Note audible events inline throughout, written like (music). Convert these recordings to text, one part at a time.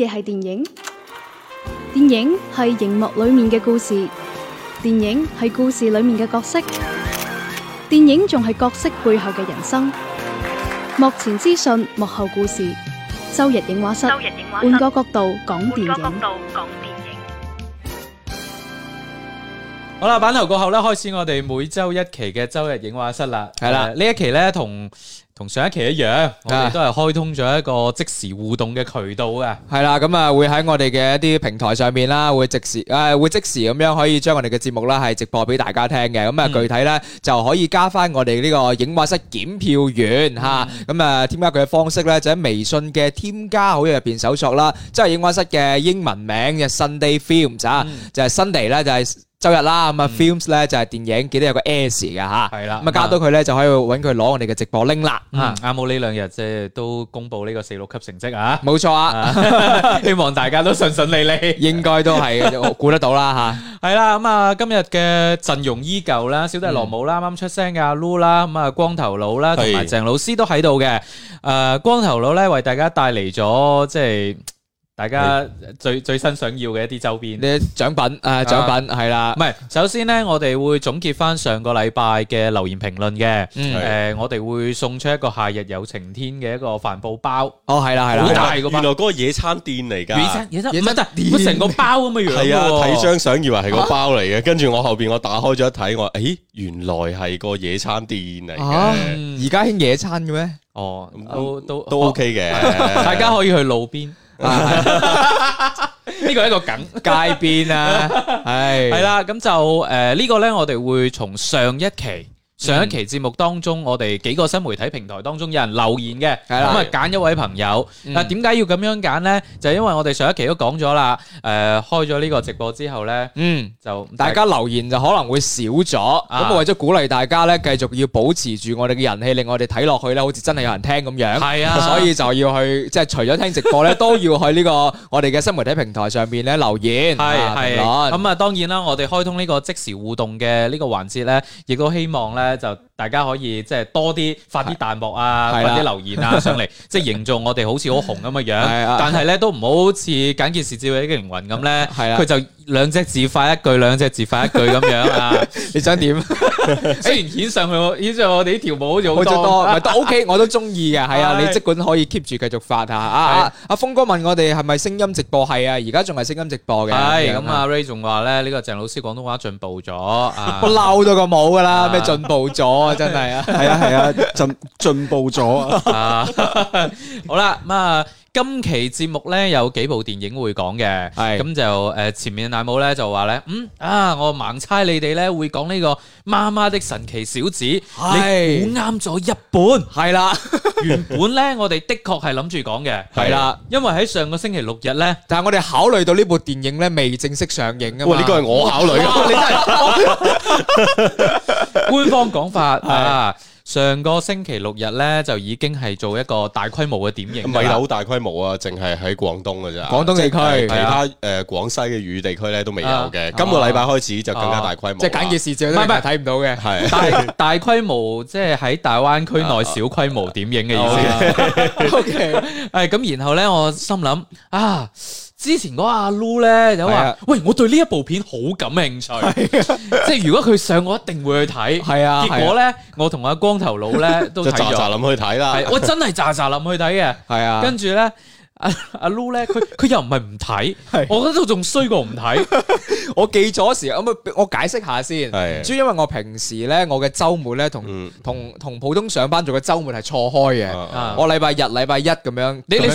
嘢係電影，電影係熒幕裏面嘅故事，電影係故事裏面嘅角色，電影仲係角色背後嘅人生。幕前資訊，幕後故事，周日映畫室，換個角度講電影。好啦，版頭過後咧，開始我哋每周一期嘅周日映畫室啦。係啦，呢一期咧同同上一期一樣，我哋都係開通咗一個即時互動嘅渠道嘅，係啦，咁啊會喺我哋嘅一啲平台上面啦，會即時，誒會即時咁樣可以將我哋嘅節目啦係直播俾大家聽嘅，咁啊具體咧就可以加翻我哋呢個映畫室檢票員嚇，咁啊添加佢嘅方式咧就喺微信嘅添加好友入邊搜索啦，即係映畫室嘅英文名嘅 Sunday Films 啊，就係 Sunday 咧就係。周日啦，咁啊 films 咧就係電影，記得有個 S 嘅吓，係啦，咁啊加到佢咧就可以搵佢攞我哋嘅直播 link 啦。啱好呢兩日即係都公布呢個四六級成績啊，冇錯啊，希望大家都順順利利，應該都係估得到啦吓。係啦，咁啊今日嘅陣容依舊啦，小弟羅姆啦，啱啱出聲噶阿 lu 啦，咁啊光頭佬啦，同埋鄭老師都喺度嘅。誒，光頭佬咧為大家帶嚟咗即係。大家最最新想要嘅一啲周邊，呢獎品誒獎品係啦，唔係首先咧，我哋會總結翻上個禮拜嘅留言評論嘅，誒我哋會送出一個夏日友晴天嘅一個帆布包，哦係啦係啦，好大嘅包，原來嗰個野餐墊嚟噶，野餐野餐咩成個包咁嘅樣，係啊，睇張相以為係個包嚟嘅，跟住我後邊我打開咗一睇，我誒原來係個野餐墊嚟嘅，而家興野餐嘅咩？哦，都都都 OK 嘅，大家可以去路邊。呢個 (laughs) (laughs) 係一個梗街邊啊，係係啦，咁就誒、呃這個、呢個咧，我哋會從上一期。上一期節目當中，嗯、我哋幾個新媒體平台當中有人留言嘅，咁啊揀一位朋友。嗯、但點解要咁樣揀呢？就因為我哋上一期都講咗啦，誒、呃、開咗呢個直播之後呢，嗯，就大家留言就可能會少咗。咁、啊、為咗鼓勵大家呢，繼續要保持住我哋嘅人氣，令我哋睇落去呢，好似真係有人聽咁樣。係啊的，所以就要去即係除咗聽直播呢， (laughs) 都要去呢、呢個我哋嘅新媒體平台上面咧留言的、啊、評論。咁啊，當然啦，我哋開通呢個即時互動嘅呢個環節呢，亦都希望呢。就大家可以即係多啲發啲彈幕啊，發啲的留言啊上嚟， (laughs) 即係營造我哋好似好紅咁嘅樣。但係咧都唔好似《警戒事照嘅一個靈魂咁咧，係啊，佢就。兩隻字發一句，兩隻字發一句咁樣啊！你想點？雖然顯上去，顯上我哋呢條舞好似好多，唔係都 OK，我都中意嘅。係啊，你即管可以 keep 住繼續發嚇。阿阿阿峰哥問我哋係咪聲音直播，係啊，而家仲係聲音直播嘅。係咁啊，Ray 仲話咧，呢個鄭老師廣東話進步咗啊！我嬲到個冇噶啦，咩進步咗啊？真係啊！係啊係啊，進進步咗啊！好啦，咁啊。今期節目呢有幾部電影會講嘅係，咁就誒前面大帽呢就話呢，嗯啊我盲猜你哋咧會講呢個媽媽的神奇小子，你估啱咗一半，係啦，原本呢我哋的確係諗住講嘅，係啦，因為喺上個星期六日呢，但係我哋考慮到呢部電影呢未正式上映啊嘛，呢個係我考慮。 (laughs) 官方講法啊，上個星期六日咧就已經係做一個大規模嘅點影，唔係好大規模啊，淨係喺廣東嘅咋，廣東地區，其他誒廣西嘅雨地區咧都未有嘅。今個禮拜開始就更加大規模，即係簡潔視字，唔係唔係睇唔到嘅，係大大規模，即係喺大灣區內小規模點影嘅意思 O K，誒，咁然後咧，我心諗啊。之前嗰阿 Lu 咧就話：啊、喂，我對呢一部片好感興趣，啊、即係如果佢上，我一定會去睇。係啊，結果咧，啊、我同阿光頭佬咧、啊、都，就喳喳諗去睇啦。啊、我真係喳喳諗去睇嘅。係啊，跟住咧。阿阿 Lu 咧，佢佢又唔係唔睇，我覺得都仲衰過唔睇。我記咗時，咁我解釋下先。主要因為我平時咧，我嘅周末咧同同同普通上班族嘅周末係錯開嘅。我禮拜日、禮拜一咁樣，你呢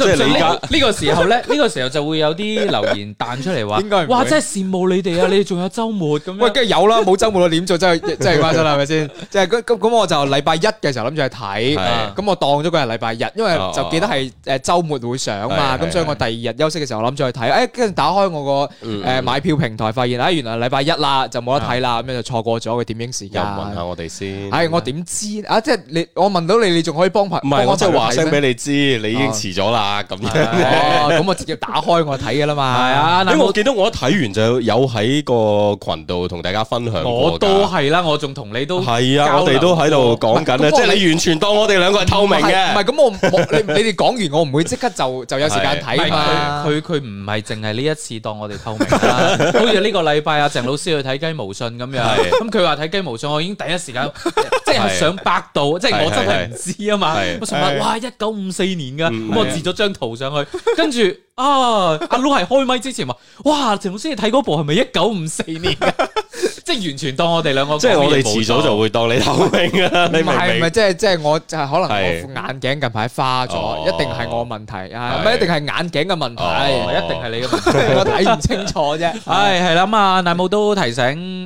呢個時候咧，呢個時候就會有啲留言彈出嚟話，應該哇，真係羨慕你哋啊！你哋仲有周末咁樣。喂，梗係有啦，冇周末我點做真係真係關生係咪先？即係咁咁我就禮拜一嘅時候諗住去睇，咁我當咗佢係禮拜日，因為就記得係誒周末會上。嘛，咁所以我第二日休息嘅時候，我諗住去睇，誒，跟住打開我個誒買票平台，發現誒，原來禮拜一啦，就冇得睇啦，咁樣就錯過咗個點映時間。又問下我哋先，係我點知啊？即係你我問到你，你仲可以幫排？唔係，我即係話聲俾你知，你已經遲咗啦。咁樣，咁我直接打開我睇噶啦嘛。係啊，因為我記得我睇完就有喺個群度同大家分享過。我都係啦，我仲同你都係啊，我哋都喺度講緊咧，即係你完全當我哋兩個係透明嘅。唔係，咁我你你哋講完，我唔會即刻就就有。有時間睇嘛？佢佢唔係淨係呢一次當我哋透明啊！好似呢個禮拜阿鄭老師去睇《雞毛信》咁樣，咁佢話睇《雞毛信》，我已經第一時間即係上百度，即係我真係唔知啊嘛！我尋日哇，一九五四年㗎，咁我截咗張圖上去，跟住啊，阿 Lu 係開麥之前話，哇，鄭老師你睇嗰部係咪一九五四年㗎？即係完全當我哋兩個，即係我哋遲早就會當你透明啊！唔係唔係，即係即係我就係可能我副眼鏡近排花咗，一定係我問題啊！一定係眼鏡嘅問題，一定係你嘅問題，我睇唔清楚啫。唉，係啦，咁啊，乃武都提醒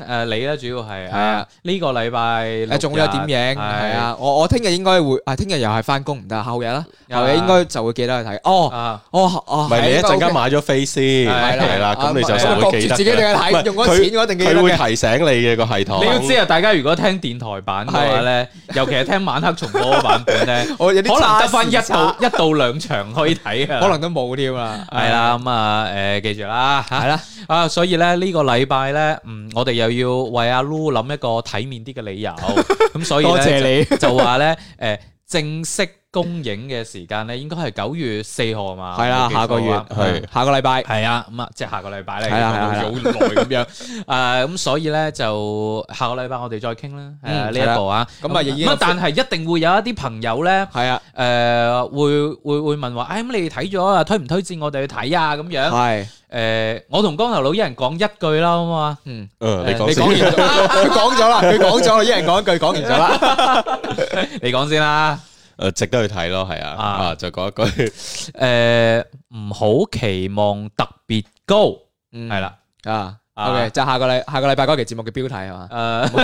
誒你咧，主要係係啊呢個禮拜誒仲會有點影係啊。我我聽日應該會啊，聽日又係翻工唔得，後日啦，後日應該就會記得去睇。哦哦哦，係咪你一陣間買咗飛先？係啦，咁你就先會記得。自己定係睇用咗錢嗰個，定記得。佢會提醒你嘅個系統。你要知啊，大家如果聽電台版嘅話咧，尤其係聽晚黑重播嘅版本咧，我有啲可能得翻一到一到兩場可以睇嘅。可能都冇添啊，係啦，咁、嗯、啊，誒、呃，記住啦，係啦，啊， (laughs) 所以咧呢個禮拜咧，嗯，我哋又要為阿 Lu 諗一個體面啲嘅理由，咁 (laughs) 所以咧多謝你就話咧，誒、呃，正式。公映嘅時間咧，應該係九月四號嘛？係啦，下個月，係下個禮拜，係啊，咁啊，即係下個禮拜咧，有耐咁樣。誒，咁所以咧，就下個禮拜我哋再傾啦。嗯，呢一部啊，咁啊，咁啊，但係一定會有一啲朋友咧，係啊，誒，會會會問話，誒，咁你睇咗啊，推唔推薦我哋去睇啊？咁樣係，誒，我同光頭佬一人講一句啦，好唔好，嗯，誒，你講先，佢講咗啦，佢講咗，一人講一句，講完咗啦，你講先啦。誒，值得去睇咯，係啊，啊就講一句，誒唔、呃、好期望特別高，係啦、嗯，了啊，okay, 嗯、就下個禮下個禮拜嗰期節目嘅標題係嘛？誒、呃，唔係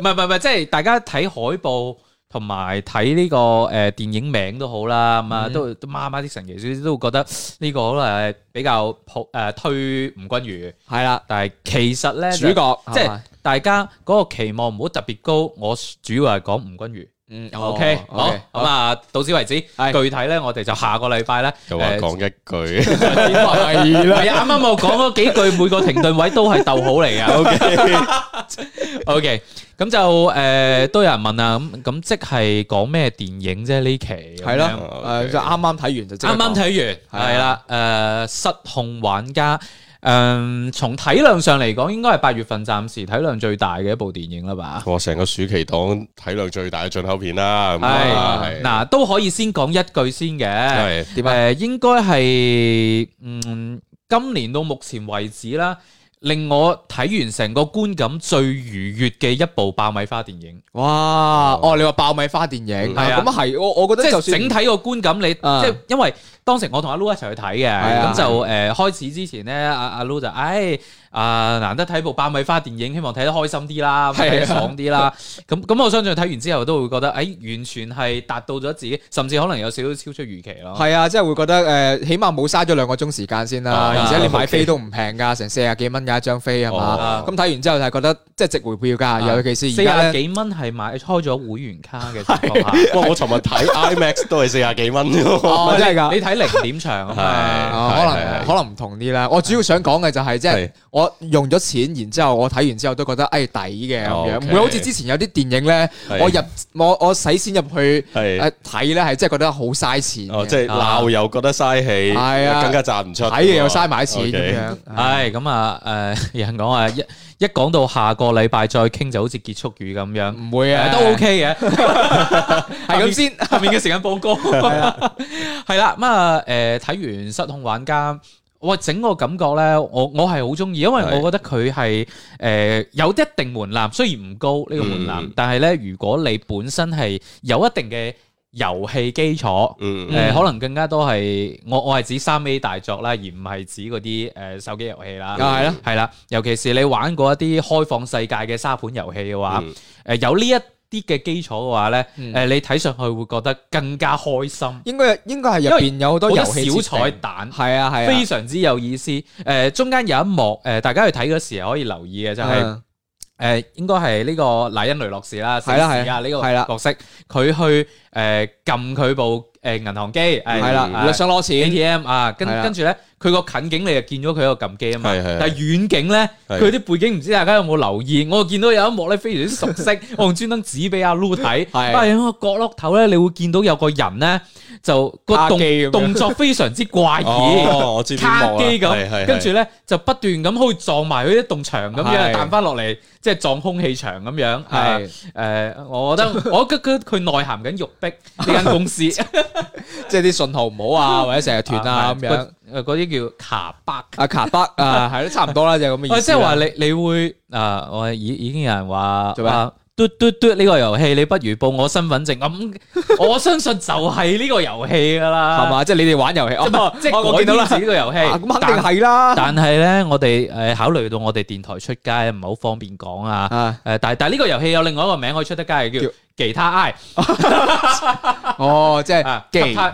唔係唔係，即 (laughs) 係、 (laughs) 即係、大家睇海報同埋睇呢個誒電影名好、嗯、都好啦，咁啊都都媽媽啲神奇書都覺得呢個可能比較普誒、呃、推吳君如係啦，啊、但係其實咧 (laughs) 主角即係大家嗰個期望唔好特別高，我主要係講吳君如。嗯，OK，好，咁啊，到此為止。具體咧，我哋就下個禮拜咧就講一句，係啊，啱啱我講嗰幾句每個停頓位都係逗號嚟啊。OK，OK，咁就誒，都有人問啊，咁咁即係講咩電影啫？呢期係咯，誒，就啱啱睇完就，啱啱睇完係啦，誒，失控玩家。嗯，從體量上嚟講，應該係八月份暫時體量最大嘅一部電影啦吧。我成個暑期檔體量最大嘅進口片啦、啊。係、啊，嗱、啊啊、都可以先講一句先嘅。係，點啊？呃、應該係嗯，今年到目前為止啦，令我睇完成個觀感最愉悦嘅一部爆米花電影。哇！嗯、哦，你話爆米花電影，咁、嗯、啊係，我我覺得就係 整體個觀感，你即係、嗯、因為。當時我同阿 Lu 一齊去睇嘅，咁就誒開始之前咧，阿阿 Lu 就誒，阿難得睇部爆米花電影，希望睇得開心啲啦，睇得爽啲啦。咁咁我相信睇完之後都會覺得，誒完全係達到咗自己，甚至可能有少少超出預期咯。係啊，即係會覺得誒，起碼冇嘥咗兩個鐘時間先啦，而且你買飛都唔平㗎，成四廿幾蚊嘅一張飛係嘛？咁睇完之後就係覺得即係值回票價，尤其是而家四廿幾蚊係買開咗會員卡嘅情況下。不過，我尋日睇 IMAX 都係四廿幾蚊真係㗎。你睇？零點場可能可能唔同啲啦。我主要想講嘅就係即係我用咗錢，然之後我睇完之後都覺得誒，抵嘅咁樣。唔會好似之前有啲電影呢，我入我我使錢入去誒睇呢，係真係覺得好嘥錢。即係鬧又覺得嘥氣，係啊，更加賺唔出。睇又嘥埋錢嘅，係咁啊誒，人講話一。一講到下個禮拜再傾，就好似結束語咁樣，唔會啊，都 OK 嘅。係咁先，下面嘅時間報告。係啦 (laughs) 係啦，咁啊， (laughs) 誒，睇、呃、完失控玩家，我整個感覺咧，我我係好中意，因為我覺得佢係誒有一定門檻，雖然唔高呢個門檻，嗯、但係咧，如果你本身係有一定嘅。遊戲基礎，誒、嗯呃、可能更加多係我我係指三 A 大作啦，而唔係指嗰啲誒手機遊戲啦。係啦、嗯，係啦、啊，尤其是你玩過一啲開放世界嘅沙盤遊戲嘅話，誒、嗯呃、有呢一啲嘅基礎嘅話咧，誒、呃、你睇上去會覺得更加開心。應該應該係入邊有好多遊戲設定，好多小彩蛋，係啊係啊，啊非常之有意思。誒、呃、中間有一幕誒、呃，大家去睇嘅時候可以留意嘅就係、是。嗯誒，應該係呢個賴恩雷諾士啦，係啊，呢個角色，佢了去誒撳佢部誒銀行機，係啦了，想攞錢 ATM 啊，跟了跟住咧，佢個近景你就見咗佢一個撳機啊嘛，對對對，但係遠景咧，佢啲背景唔知大家有冇留意，我見到有一幕咧非常之熟悉，我用專登指俾阿 Loo 睇，係喺個角落頭咧，你會見到有個人咧。就個動動作非常之怪異，卡機咁，跟住咧就不斷咁可以撞埋佢啲棟牆咁樣彈翻落嚟，即係撞空氣牆咁樣。係誒，我覺得我覺得佢內涵緊育碧呢間公司，即係啲信號唔好啊，或者成日斷啊咁樣。嗰啲叫卡北，阿卡北啊，係都差唔多啦，就係咁嘅意思。即係話你你會啊？我已已經有人話啊。嘟嘟嘟！呢個遊戲你不如報我身份證，咁、嗯、我相信就係呢個遊戲噶啦，係嘛？ (laughs) (laughs) 是啊、即係你哋玩遊戲，我見到啦，呢個遊戲，咁、啊啊、肯定係啦。但係咧，我哋誒、呃、考慮到我哋電台出街唔係好方便講啊，誒、啊呃，但係但係呢個遊戲有另外一個名可以出得街，係叫……叫其他愛， (laughs) 哦，即係其他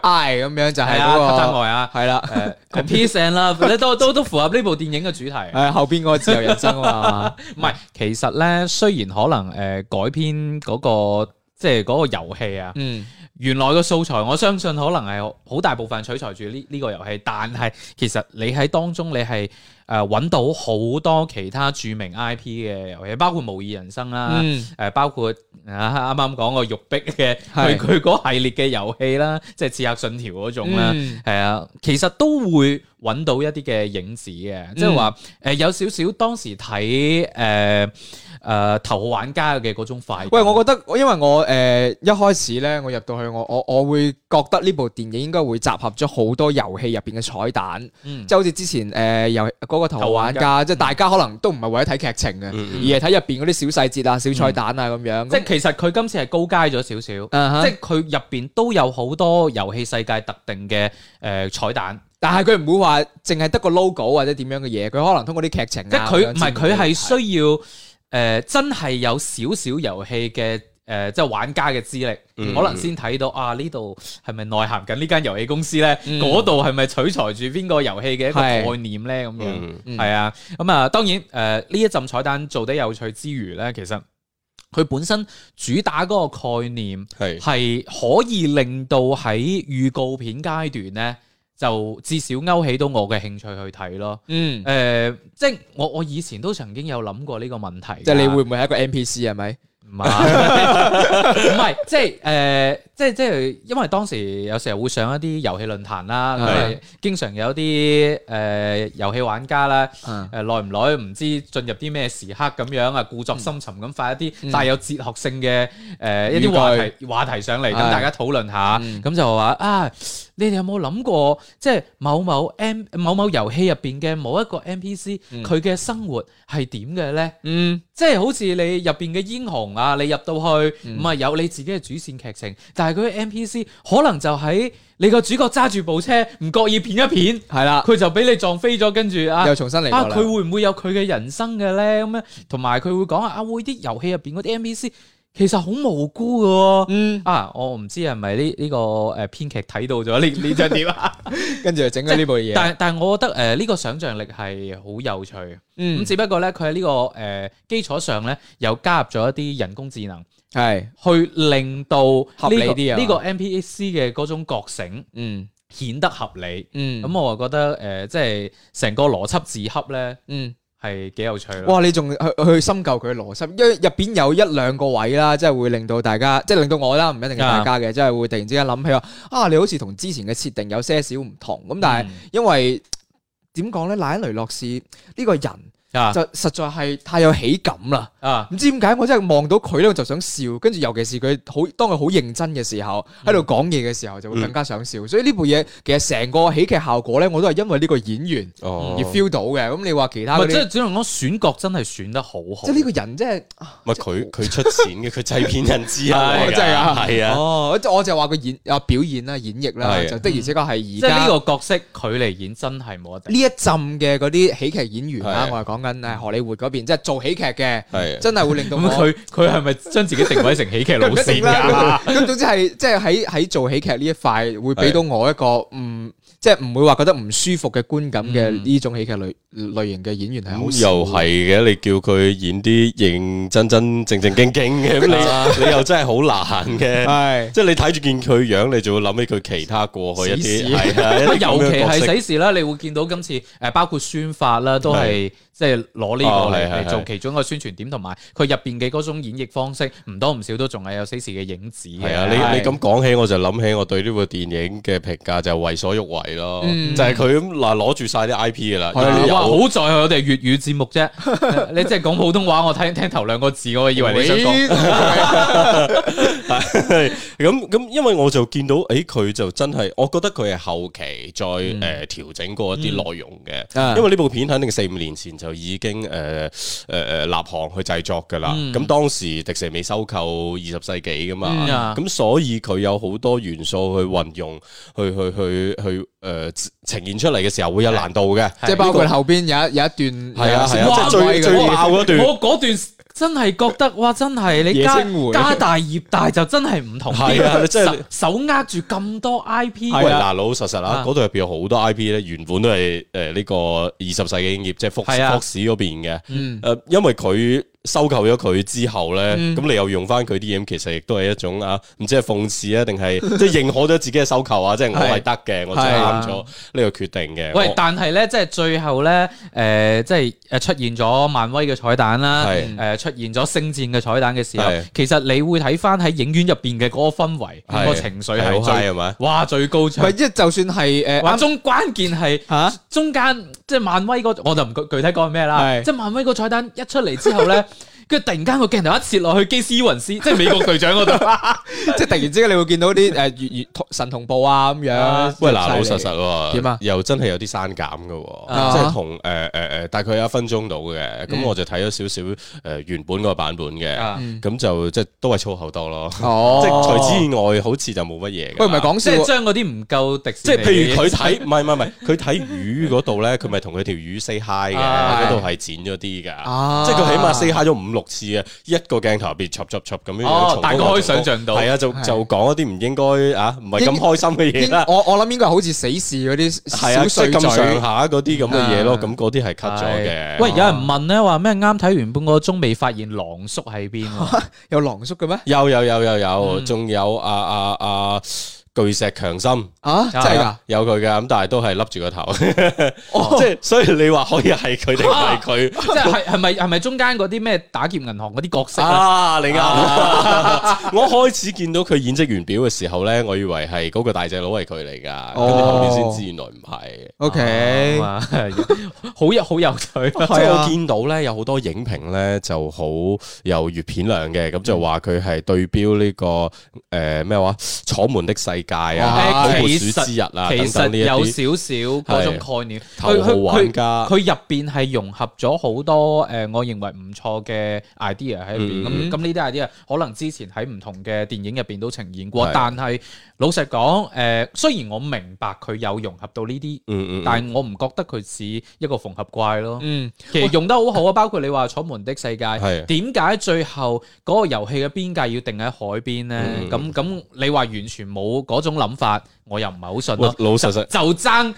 愛、那個，咁樣就係嗰個愛啊，係啦、啊，誒 peace and love 都都都符合呢部電影嘅主題，係、啊、後邊嗰個自由人生 (laughs) 啊，唔係，其實咧，雖然可能誒改編嗰、那個即係嗰個遊戲啊， (laughs) 嗯。原來個素材，我相信可能係好大部分取材住呢呢個遊戲，但係其實你喺當中你係誒揾到好多其他著名 IP 嘅遊戲，包括《模擬人生》啦，誒、嗯呃、包括啊啱啱講個玉璧育碧嘅佢佢嗰系列嘅遊戲啦，是即係《刺客信條》嗰種啦，係啊、呃，其實都會揾到一啲嘅影子嘅，嗯、即係話誒有少少當時睇誒。呃呃呃呃呃呃誒、呃，頭號玩家嘅嗰種快感，喂，我覺得因爲我誒、呃、一開始咧，我入到去我我我會覺得呢部電影應該會集合咗好多遊戲入邊嘅彩蛋，即係、嗯、好似之前誒遊戲嗰個頭號玩家，嗯、即係大家可能都唔係爲咗睇劇情嘅，嗯、而係睇入邊嗰啲小細節啊、小彩蛋啊咁、嗯、樣。即係其實佢今次係高階咗少少，嗯、即係佢入邊都有好多遊戲世界特定嘅誒、呃、彩蛋，嗯、但係佢唔會話淨係得個 logo 或者點樣嘅嘢，佢可能通過啲劇情、啊樣。即係佢唔係佢係需要。誒、呃，真係有少少遊戲嘅誒，即係玩家嘅資歷，嗯、可能先睇到啊，呢度係咪內涵緊呢間遊戲公司呢？嗰度係咪取材住邊個遊戲嘅一個概念呢？咁是樣係、嗯嗯、啊、咁、嗯、啊、當然誒，呢、呃、一陣彩蛋做得有趣之餘呢，其實佢本身主打嗰個概念係可以令到喺預告片階段呢。就至少勾起到我嘅興趣去睇咯。嗯，誒、呃，即係我我以前都曾經有諗過呢個問題，即會會，即係你會唔會係一個 NPC 係咪？唔係，唔係，即係誒，即係即係，因為當時有時候會上一啲遊戲論壇啦，係是、啊、經常有啲誒遊戲玩家啦，誒耐唔耐唔知進入啲咩時刻咁樣啊，故作深沉咁，發一啲帶有哲學性嘅誒一啲話題話題上嚟，咁是、啊、大家討論下，咁就話啊。嗯你哋有冇諗過，即係某某 M 某某遊戲入邊嘅某一個 NPC，佢嘅生活係點嘅呢？嗯，即係好似你入邊嘅英雄啊，你入到去唔係、嗯、有你自己嘅主線劇情，但係佢啲 NPC 可能就喺你個主角揸住部車唔覺意片一片，係啦的，佢就俾你撞飛咗，跟住啊，又重新嚟、啊。啊，佢會唔會有佢嘅人生嘅呢？咁樣，同埋佢會講啊，會啲遊戲入邊嗰啲 NPC。其實好無辜嘅喎，啊，嗯、啊，我唔知係咪呢呢個誒編劇睇到咗呢呢張碟啊， (laughs) 跟住就整咗呢部嘢。但係但係，我覺得誒呢、呃這個想象力係好有趣，咁、嗯、只不過咧佢喺呢、這個誒、呃、基礎上咧，又加入咗一啲人工智能，係是去令到、這個、合理啲呢呢個、這個、m p c 嘅嗰種覺醒，嗯，顯得合理，嗯，咁、嗯、我啊覺得誒即係成個邏輯自洽咧，嗯。係幾有趣，哇！你仲去去深究佢嘅邏輯，因為入邊有一兩個位啦，即係會令到大家，即係令到我啦，唔一定係大家嘅，的即係會突然之間諗起話啊，你好似同之前嘅設定有些少唔同，咁但係因為點講咧？賴恩雷諾士呢個人。就實在係太有喜感啦，唔知點解我真係望到佢咧，我就想笑。跟住，尤其是佢好，當佢好認真嘅時候，喺度講嘢嘅時候，就會更加想笑。所以呢部嘢其實成個喜劇效果咧，我都係因為呢個演員而 feel 到嘅。咁你話其他，即係只能講選角真係選得好，好。即係呢個人即係。唔係佢佢出錢嘅，佢製片人知啊，真係啊，係啊。我就話佢演啊表演啦、演繹啦，就的而且確係而家呢個角色佢嚟演真係冇得。呢一浸嘅嗰啲喜劇演員啦，我係講緊。係荷里活嗰邊，即係做喜劇嘅，真係會令到我佢佢係咪將自己定位成喜劇老師啊？咁總之係即係喺喺做喜劇呢一塊，會俾到我一個嗯，即係唔會話覺得唔舒服嘅觀感嘅呢種喜劇類類型嘅演員係好，又係嘅，你叫佢演啲認真真正正經經嘅，咁你你又真係好難嘅，係即係你睇住見佢樣，你就會諗起佢其他過去一啲，尤其係死侍啦，你會見到今次誒，包括宣發啦，都係。即係攞呢個嚟做其中一個宣傳點，同埋佢入邊嘅嗰種演繹方式，唔多唔少都仲係有《死侍》嘅影子。係啊，你你咁講起，我就諗起我對呢部電影嘅評價就為所欲為咯，就係佢咁嗱攞住晒啲 IP 嘅啦。哇，好在我哋係粵語節目啫，你真係講普通話，我聽聽頭兩個字，我以為你想講。咁咁，因為我就見到，誒佢就真係，我覺得佢係後期再誒調整過一啲內容嘅，因為呢部片肯定四五年前。就已經誒誒誒立行去製作嘅啦，咁、嗯、當時迪士尼未收購二十世紀嘅嘛，咁、嗯啊、所以佢有好多元素去運用，去去去去誒、呃呃、呈現出嚟嘅時候會有難度嘅，即係、這個、包括後邊有一有一段係啊係啊，即係最最,最爆嗰段，段。真係覺得哇！真係你家加，青加大業 (laughs) 大 (laughs) 就真係唔同啲 (laughs) 的，手握住咁多 IP。喂，嗱老實實啦，嗰度入邊有好多 IP 咧，原本都係誒呢個二十世紀影業，即係福福士嗰邊嘅。誒、嗯，因為佢，收購咗佢之後咧，咁你又用翻佢啲嘢，其實亦都係一種啊，唔知係諷刺啊，定係即係認可咗自己嘅收購啊？即係我係得嘅，我做咗呢個決定嘅。喂，但係咧，即係最後咧，誒，即係誒，出現咗漫威嘅彩蛋啦，誒，出現咗星戰嘅彩蛋嘅時候，其實你會睇翻喺影院入邊嘅嗰個氛圍，個情緒係，係咪？哇，最高！咪即係就算係誒，中關鍵係啊，中間。即係漫威嗰，我就唔具具體講咩啦。是即係漫威個彩蛋一出嚟之後咧。 (laughs) 跟住突然間個鏡頭一切落去基斯雲斯，即係美國隊長嗰度，即係突然之間你會見到啲誒神同步啊咁樣。喂嗱，老實實點啊？又真係有啲刪減嘅，即係同誒誒誒，大概有一分鐘到嘅。咁我就睇咗少少誒原本嗰個版本嘅，咁就即係都係粗口多咯。即係除此之外，好似就冇乜嘢。喂，唔係講即係將嗰啲唔夠迪，即係譬如佢睇唔係唔係唔係，佢睇魚嗰度咧，佢咪同佢條魚 say hi 嘅，嗰度係剪咗啲噶。即係佢起碼 say hi 咗五六次啊！一個鏡頭入邊，插插插咁樣，大家可以想象到。係啊，就就講一啲唔應該啊，唔係咁開心嘅嘢。我我諗應該係好似死侍嗰啲，係啊，咁上下嗰啲咁嘅嘢咯。咁嗰啲係 cut 咗嘅。嗯、喂，有人問咧，話咩啱睇完半個鐘未發現狼叔喺邊，啊？有狼叔嘅咩？有有有有有，仲有啊啊，嗯、啊！啊啊啊巨石強森啊，真係噶有佢噶，咁但係都係笠住個頭，呵呵哦、即係所以你話可以係佢定係佢，啊、 (laughs) 即係係咪係咪中間嗰啲咩打劫銀行嗰啲角色啊？你啱、啊， (laughs) 我開始見到佢演職員表嘅時候咧，我以為係嗰個大隻佬係佢嚟噶，跟住後先知原來唔係。O K，好有好有趣、啊，即係、啊、我見到咧有好多影評咧就好有閱片量嘅，咁就話佢係對標呢、這個誒咩話楚門的世。界啊，鼠之啊，其實有少少嗰種概念。佢佢佢佢入邊係融合咗好多誒我認為唔錯嘅 idea 喺入邊，咁咁呢啲 idea 可能之前喺唔同嘅電影入邊都呈現過，的但係老實講誒雖然我明白佢有融合到呢啲，嗯、但係我唔覺得佢似一個縫合怪咯。嗯，其實用得好好啊，包括你話《楚門的世界》的，係點解最後嗰個遊戲嘅邊界要定喺海邊咧？咁咁、嗯，你話完全冇嗰種諗法，我又唔係好信咯。老實實就爭，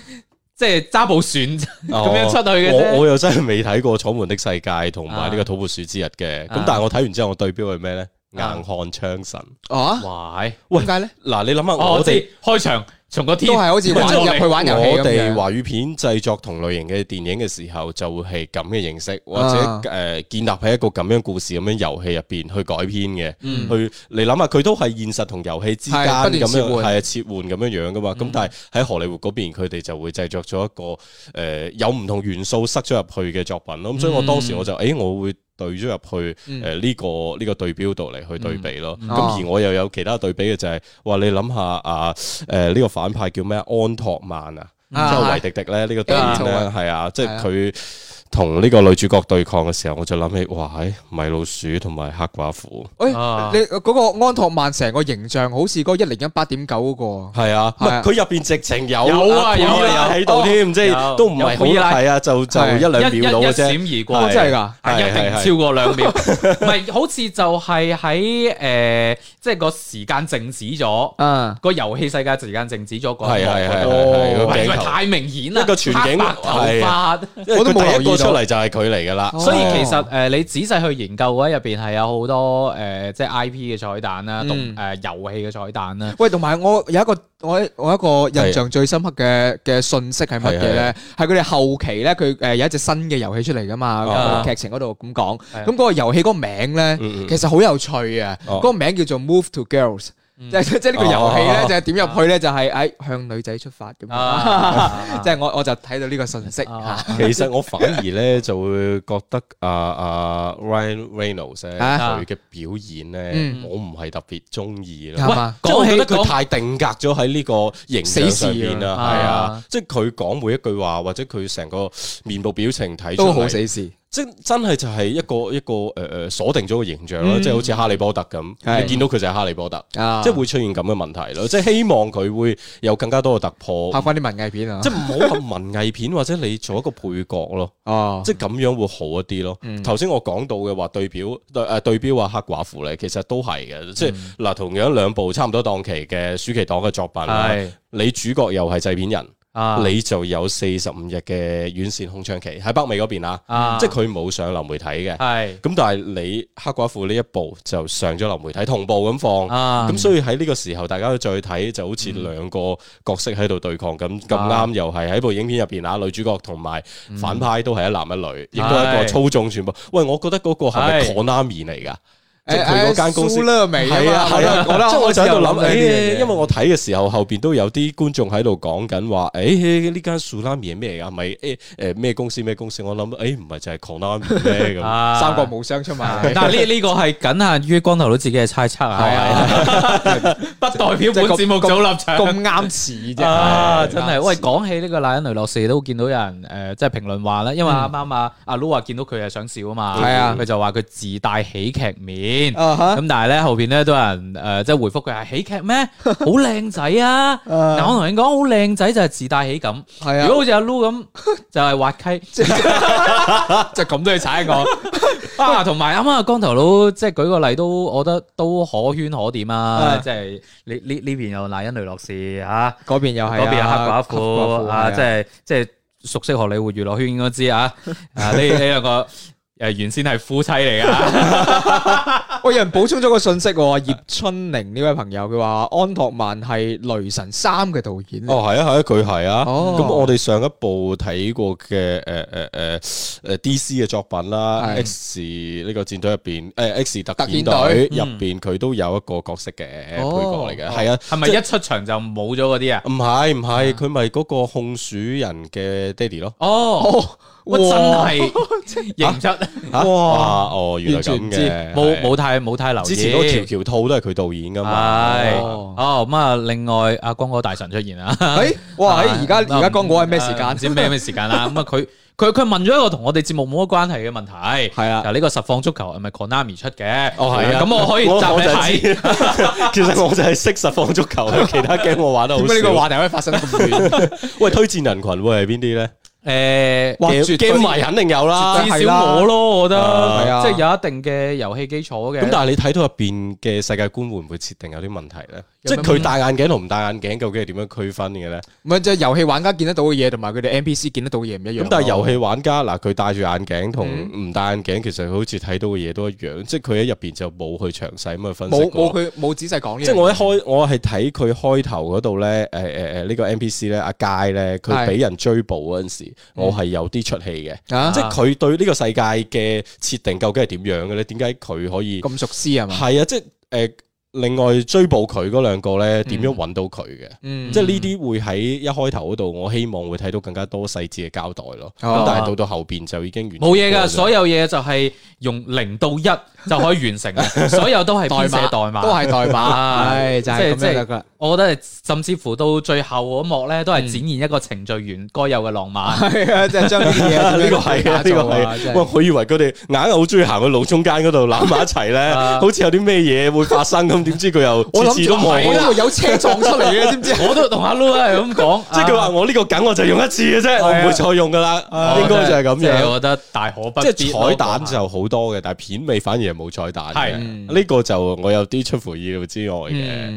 即係揸部船咁、啊哦、 (laughs) 樣出去嘅，我我又真係未睇過《楚門的世界》同埋呢個《土撥鼠之日》嘅、啊。咁但係我睇完之後，我對標係咩咧？硬漢槍神啊！喂，點解咧？嗱，你諗下，啊、我哋們開場。從個天都係好似入是去玩遊戲咁樣，我哋華語片製作同類型嘅電影嘅時候，就會係咁嘅形式，或者誒、啊呃、建立喺一個咁樣故事咁樣遊戲入邊去改編嘅。嗯、去你諗下，佢都係現實同遊戲之間咁樣，係啊切換咁樣樣噶嘛。咁、嗯、但係喺荷里活嗰邊，佢哋就會製作咗一個誒、呃、有唔同元素塞咗入去嘅作品咯。咁、嗯、所以我當時我就誒、欸、我會。對咗入去，誒呢個呢個對標度嚟去對比咯。咁、嗯哦、而我又有其他對比嘅就係、話，哇！你諗下啊，誒、呃、呢、呢個反派叫咩？安托曼啊，即後、啊、維迪迪咧，呢個對比啊，即係佢。啊同呢個女主角對抗嘅時候，我就諗起，哇！係米老鼠同埋黑寡婦。誒，你嗰個安托曼成個形象，好似嗰一零一八點九嗰個。係啊，佢入邊直情有有啊，有啊喺度添，即係都唔係好啦。係啊，就就一兩秒到嘅啫，一閃而過，真係噶，一定超過兩秒。唔係，好似就係喺誒，即係個時間靜止咗，個遊戲世界時間靜止咗嗰一刻。係係係係，我以為太明顯啦，一個全景白頭髮，我都冇一個。出嚟就係佢嚟噶啦，所以其實誒你仔細去研究嘅話，入邊係有好多誒，即係 IP 嘅彩蛋啦，誒遊戲嘅彩蛋啦。喂，同埋我有一個我我一個印象最深刻嘅嘅信息係乜嘢咧？係佢哋後期咧，佢誒有一隻新嘅遊戲出嚟噶嘛？劇情嗰度咁講，咁嗰個遊戲嗰個名咧，其實好有趣啊！嗰個名叫做 Move to Girls。即即呢個遊戲咧，就係點入去咧，就係誒向女仔出發咁。即係我我就睇到呢個信息嚇。其實我反而咧就會覺得啊啊 Ryan Reynolds 佢嘅表演咧，我唔係特別中意啦。喂，講起佢太定格咗喺呢個形象上邊啦，係啊，即係佢講每一句話或者佢成個面部表情睇出嚟都好死事。即真係就係一個一個誒誒鎖定咗個形象咯，即、就、係、是、好似哈利波特咁，嗯、你見到佢就係哈利波特，啊、即係會出現咁嘅問題咯。即、就、係、是、希望佢會有更加多嘅突破，拍翻啲文藝片啊！即係唔好話文藝片或者你做一個配角咯，啊、即係咁樣會好一啲咯。頭先我講到嘅話對表對誒對標話黑寡婦咧，其實都係嘅，即係嗱同樣兩部差唔多檔期嘅暑期檔嘅作品是，你主角又係製片人。你就有四十五日嘅院線空窗期喺北美嗰邊啊，嗯、即係佢冇上流媒體嘅，係咁、嗯、但係你黑寡婦呢一部就上咗流媒體同步咁放，咁、嗯、所以喺呢個時候大家再睇就好似兩個角色喺度對抗咁，咁啱又係喺部影片入邊啊，女主角同埋反派都係一男一女，亦都、嗯、一個操縱全部。嗯、喂，我覺得嗰個係咪 Konami 嚟㗎？即係佢嗰間公司係啊係啊，即係我喺度諗誒，因為我睇嘅時候後邊都有啲觀眾喺度講緊話，誒呢間薯粒面係咩嚟㗎？唔係誒誒咩公司咩公司？我諗誒唔係就係狂粒面咁，三個冇聲出嘛。但係呢呢個係僅限於光頭佬自己嘅猜測啊，不代表本節目組立場咁啱詞啫。真係喂，講起呢個《賴恩雷諾士》，都見到有人誒，即係評論話咧，因為啱啱啊阿 Lu 話見到佢係想笑啊嘛，佢就話佢自帶喜劇面。咁但係咧，後邊咧，都有人誒即係回復佢係喜劇咩？好靚仔啊！但我同你講好靚仔就係自帶喜感。係啊，如果好似阿 Lu 咁就係滑稽，即係咁都要踩我啊！同埋啱啱阿光頭佬即係舉個例都，我覺得都可圈可點啊！即係呢呢呢邊又賴恩雷諾士吓，嗰邊又係嗰邊有黑寡婦啊！即係即係熟悉荷里活娛樂圈應該知啊！啊呢呢兩個。誒，原先係夫妻嚟㗎。我有人補充咗個信息，葉春寧呢位朋友佢話安托曼係雷神三嘅導演。哦，係啊，係啊，佢係啊。咁我哋上一部睇過嘅誒誒誒誒 DC 嘅作品啦，X 呢個戰隊入邊，誒 X 特特戰隊入邊佢都有一個角色嘅配角嚟嘅。係啊，係咪一出場就冇咗嗰啲啊？唔係唔係，佢咪嗰個控鼠人嘅爹哋咯。哦，真係認出哇，哦原來咁嘅，冇冇太。係冇太留意。之前嗰條條套都係佢導演噶嘛。唉哦，咁啊、哦，另外阿光哥大神出現啊。哎、欸，哇！喺而家而家光哥喺咩時間？唔知咩咩時間啦。咁啊、 (laughs) 嗯，佢佢佢問咗一個同我哋節目冇乜關係嘅問題。係啊，嗱，呢個實況足球係咪 Konami 出嘅？哦，係啊。咁、嗯、我可以贊一睇。其實我就係識實況足球，其他 game 我玩得好少。咁呢個話題可以發生得咁亂。 (laughs) 喂，推薦人群喎係邊啲咧？誒 game 迷肯定有啦，至少我咯，我覺得，即係有一定嘅遊戲基礎嘅。咁但係你睇到入邊嘅世界觀會唔會設定有啲問題咧？即係佢戴眼鏡同唔戴眼鏡究竟係點樣區分嘅咧？唔係，即係遊戲玩家見得到嘅嘢同埋佢哋 NPC 見得到嘅嘢唔一樣。咁但係遊戲玩家嗱，佢戴住眼鏡同唔戴眼鏡其實好似睇到嘅嘢都一樣，即係佢喺入邊就冇去詳細咁去分析，冇佢冇仔細講呢？即係我一開我係睇佢開頭嗰度咧，誒誒誒呢個 NPC 咧，阿佳咧佢俾人追捕嗰陣時。我係有啲出戲嘅，啊、即係佢對呢個世界嘅設定究竟係點樣嘅咧？點解佢可以咁熟悉啊？係啊，即係誒。呃另外追捕佢嗰兩個咧，點樣搵到佢嘅？即係呢啲會喺一開頭嗰度，我希望會睇到更加多細節嘅交代咯。咁但係到到後邊就已經完冇嘢噶，所有嘢就係用零到一就可以完成，所有都係代碼代碼，都係代碼，唉，就係即係我覺得甚至乎到最後一幕咧，都係展現一個程序員該有嘅浪漫。係啊，即係將呢啲呢個係啊，呢個係。哇，我以為佢哋硬係好中意行去路中間嗰度攬埋一齊咧，好似有啲咩嘢會發生點知佢又次次都冇？因為有車撞出嚟嘅，知唔知啊？我都同阿 Lulu 係咁講，即係佢話我呢個梗我就用一次嘅啫，我唔會再用噶啦。應該就係咁樣，我覺得大可不。即係彩蛋就好多嘅，但係片尾反而係冇彩蛋。呢個就我有啲出乎意料之外嘅。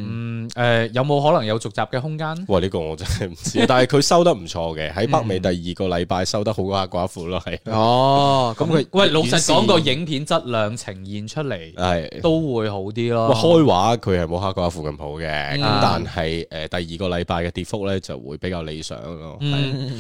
誒，有冇可能有續集嘅空間？喂，呢個我真係唔知。但係佢收得唔錯嘅，喺北美第二個禮拜收得好過寡婦咯，係。哦，咁佢喂，老實講個影片質量呈現出嚟，都會好啲咯。話佢係冇黑寡婦咁好嘅，咁但係誒、呃、第二個禮拜嘅跌幅咧就會比較理想咯。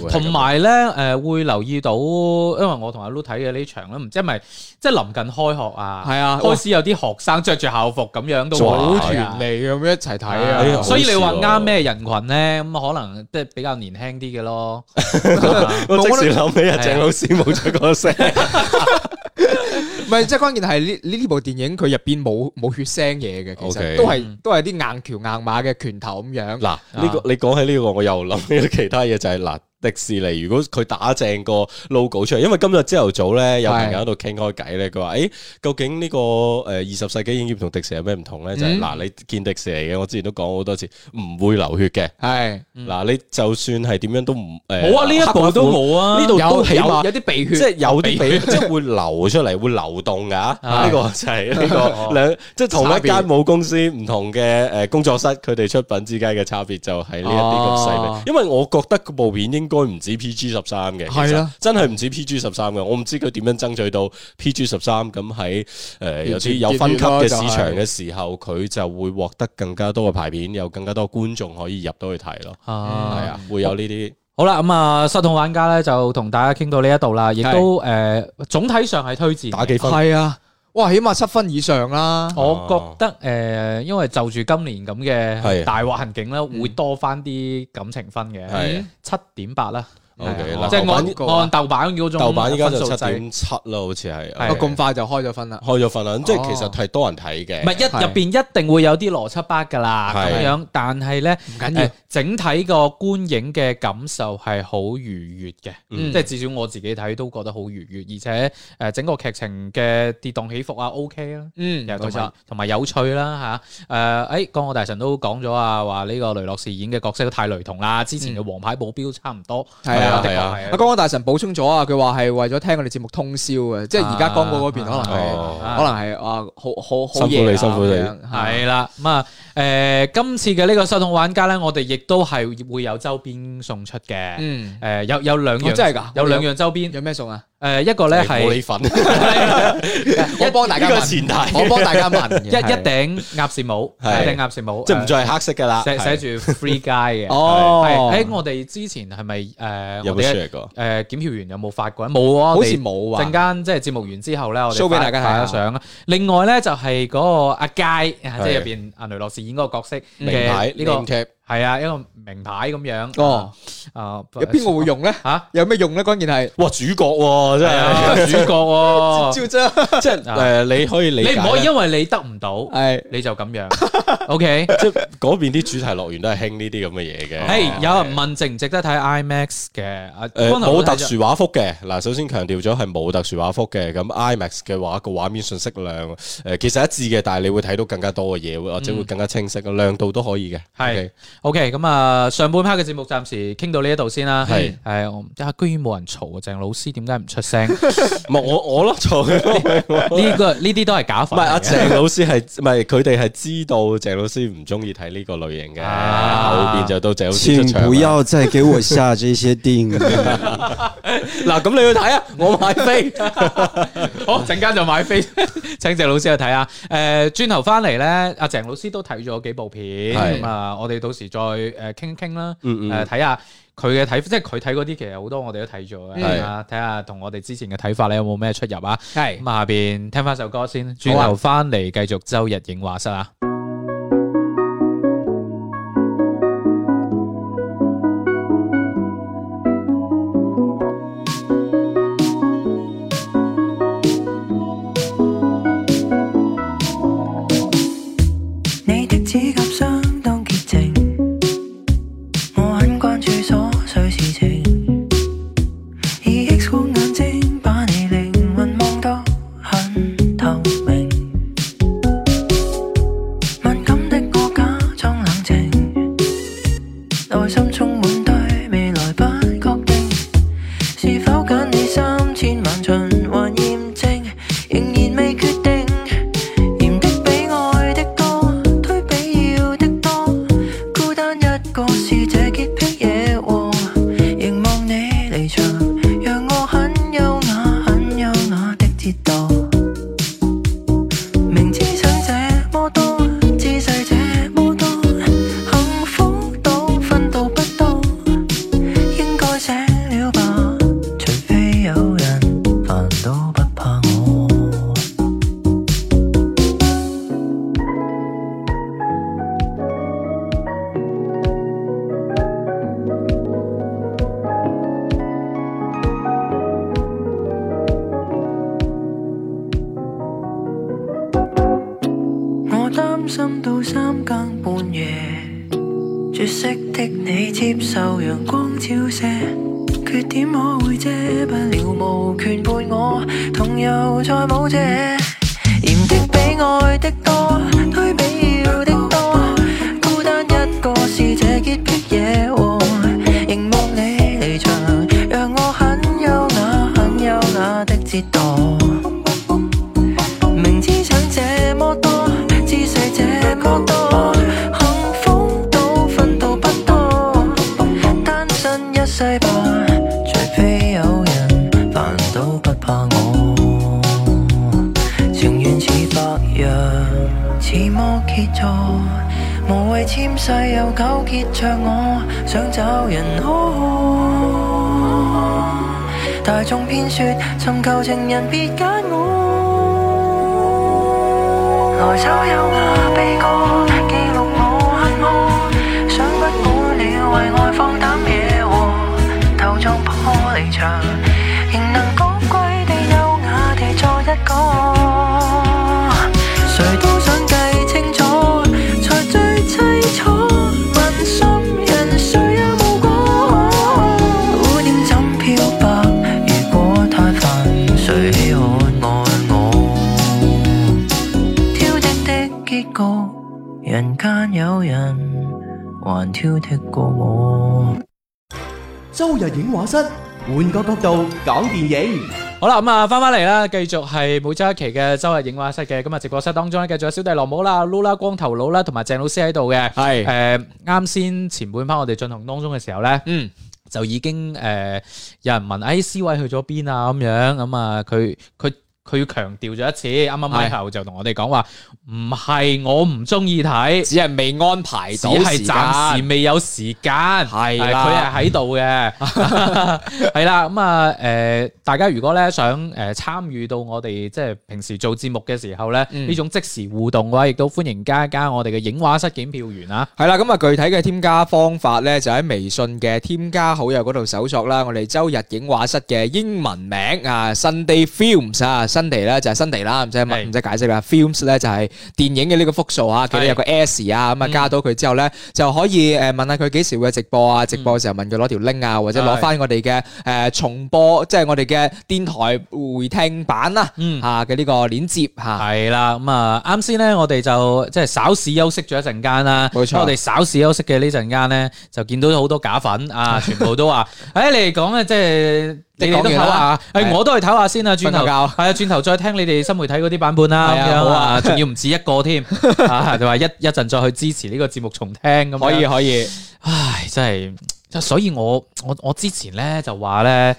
同埋咧誒會留意到，因為我同阿 Loo 睇嘅呢場咧，唔知係咪即係臨近開學啊，係啊，開始有啲學生着住校服咁樣都話組團嚟咁一齊睇啊。啊所以你話啱咩人群咧？咁可能即係比較年輕啲嘅咯。 (laughs) 我當能 (laughs) 時諗起阿鄭老師冇出聲。 (laughs) 啊唔 (laughs) 係，即係關鍵係呢呢呢部電影佢入邊冇冇血腥嘢嘅，Okay. 其實都係都係啲硬橋硬馬嘅拳頭咁樣。嗱、嗯，呢、這個、啊、你講起呢、這個，我又諗起其他嘢就係辣。迪士尼如果佢打正個 logo 出嚟，因為今日朝頭早咧有朋友喺度傾開偈咧，佢話誒究竟呢個誒二十世紀影業同迪士尼有咩唔同咧？就係嗱，你見迪士尼嘅，我之前都講好多次，唔會流血嘅。係嗱，你就算係點樣都唔誒，冇啊呢一步都冇啊，呢度都有起碼有啲鼻血，即係有啲鼻血，即係會流出嚟，會流動㗎。呢個就係呢個兩，即係同一間母公司唔同嘅誒工作室，佢哋出品之間嘅差別就係呢一啲咁細微。因為我覺得部片應該唔止 PG 十三嘅，係啦、啊，真係唔止 PG 十三嘅。我唔知佢點樣爭取到 PG 十三。咁喺誒有啲有分級嘅市場嘅時候，佢就會獲得更加多嘅牌面，有更加多觀眾可以入到去睇咯。係啊、嗯、啊，會有呢啲。好啦，咁、嗯、啊，失控玩家咧就同大家傾到呢一度啦，亦都誒是、呃、總體上係推薦。打幾分？係啊。哇，起碼七分以上啦！我覺得誒、呃，因為就住今年咁嘅大環境咧，的會多返啲感情分嘅，七點八啦。O.K. 嗱，即係按豆瓣嗰種，豆瓣依家就七點七咯，好似係。咁快就開咗分啦，開咗分啦，即係其實係多人睇嘅。唔係一入邊一定會有啲邏輯 bug 㗎啦，咁樣。但係咧，唔緊要，整體個觀影嘅感受係好愉悅嘅，即係至少我自己睇都覺得好愉悅，而且誒整個劇情嘅跌宕起伏啊，O.K. 啦。嗯，係，同埋同埋有趣啦，嚇。誒，誒，江河大神都講咗啊，話呢個雷諾士演嘅角色都太雷同啦，之前嘅《王牌保鏢》差唔多。係啊。係啊！啊，剛剛大神補充咗啊，佢話係為咗聽我哋節目通宵嘅，啊、即係而家江角嗰邊可能係，啊啊、可能係啊，好好好辛苦你，辛苦你，係啦。咁啊，誒、嗯，今次嘅呢個失控玩家咧，我哋亦都係會有周邊送出嘅。嗯。誒，有有兩，真係㗎，有兩樣周邊，啊，有咩送啊？誒，一個咧係，我幫大家問，我幫大家問，一一頂鴨舌帽，一頂鴨舌帽，即係唔再係黑色噶啦，寫寫住 Free Guy 嘅，係喺我哋之前係咪誒？有本書嚟誒檢票員有冇發過？冇，啊，好似冇。啊。陣間即係節目完之後咧，我哋送俾大家睇下相啦。另外咧就係嗰個阿佳，即係入邊阿雷諾斯演嗰個角色嘅呢個。係啊，一個名牌咁樣哦，啊，邊個會用咧吓？有咩用咧？關鍵係，哇，主角真係主角，即係誒，你可以你唔可以因為你得唔到係你就咁樣？OK，即嗰邊啲主題樂園都係興呢啲咁嘅嘢嘅。誒，有人問值唔值得睇 IMAX 嘅，冇特殊畫幅嘅嗱，首先強調咗係冇特殊畫幅嘅，咁 IMAX 嘅話個畫面信息量誒其實一致嘅，但係你會睇到更加多嘅嘢，或者會更加清晰，亮度都可以嘅，係。O K，咁啊，okay, 上半 part 嘅節目暫時傾到呢一度先啦。係係、啊，我唔知下居然冇人嘈啊！鄭老師點解唔出聲？ (laughs) (laughs) 唔係我我咯嘈，呢個呢啲都係假粉。唔係阿鄭老師係，唔係佢哋係知道鄭老師唔中意睇呢個類型嘅。 (laughs) 啊、後邊就到鄭老師出場。請、啊、不要再給我下這些電影。嗱，咁你去睇啊，我買飛，好陣間就買飛，請鄭老師去睇啊。誒、呃，轉頭翻嚟咧，阿鄭老師都睇咗幾部片。咁啊，我哋到時，再誒傾一傾啦，誒睇下佢嘅睇，即係佢睇嗰啲，其實好多我哋都睇咗嘅，睇下同我哋之前嘅睇法你有冇咩出入啊？係咁啊，下邊聽翻首歌先，轉頭翻嚟繼續周日映畫室啊！誰稀罕愛我？挑剔的結局，人間有人還挑剔過我。周日影畫室換個角度講電影，好啦，咁啊，翻翻嚟啦，繼續係每周一期嘅周日影畫室嘅，咁啊，直播室當中咧，繼續有小弟羅姆啦、Lola、光頭佬啦，同埋鄭老師喺度嘅，係誒，啱先前半 part 我哋進行當中嘅時候咧，嗯。就已經誒有人問，哎 C 位去咗邊啊？咁樣咁啊，佢佢。佢強調咗一次，啱啱買後就同我哋講話唔係我唔中意睇，只係未安排到，係暫時未有時間，係佢係喺度嘅，係啦的，咁啊、嗯，誒、 (laughs) (laughs) 嗯，大家如果咧想誒參與到我哋即係平時做節目嘅時候咧呢、嗯、種即時互動嘅話，亦都歡迎加一加我哋嘅映畫室檢票員啊，係啦，咁啊，具體嘅添加方法咧就喺微信嘅添加好友嗰度搜索啦，我哋周日映畫室嘅英文名啊，Sunday Films 啊。Sunday 咧就係 Sunday 啦，唔使唔使解釋啦。Films 咧就係電影嘅呢個複數啊，佢有個 s 啊是，咁啊加到佢之後咧就可以誒問下佢幾時會直播啊？嗯、直播嘅時候問佢攞條 link 啊，或者攞翻我哋嘅誒重播，是即係我哋嘅電台回聽版啦，吓嘅呢個鏈接吓。係啦，咁啊啱先咧，我哋就即係稍事休息咗一陣間啦。冇錯錯，我哋稍事休息嘅呢陣間咧，就見到好多假粉啊，全部都話，誒、 (laughs) 哎、你嚟講啊，即係。你哋都睇下，誒對，我都去睇下先啊！轉頭，係啊，轉頭再聽你哋新媒體嗰啲版本啦，對好啊！仲要唔止一個添啊！你話 (laughs) 一一陣再去支持呢個節目重聽咁，可以可以。唉，真係～所以我我我之前咧就話咧，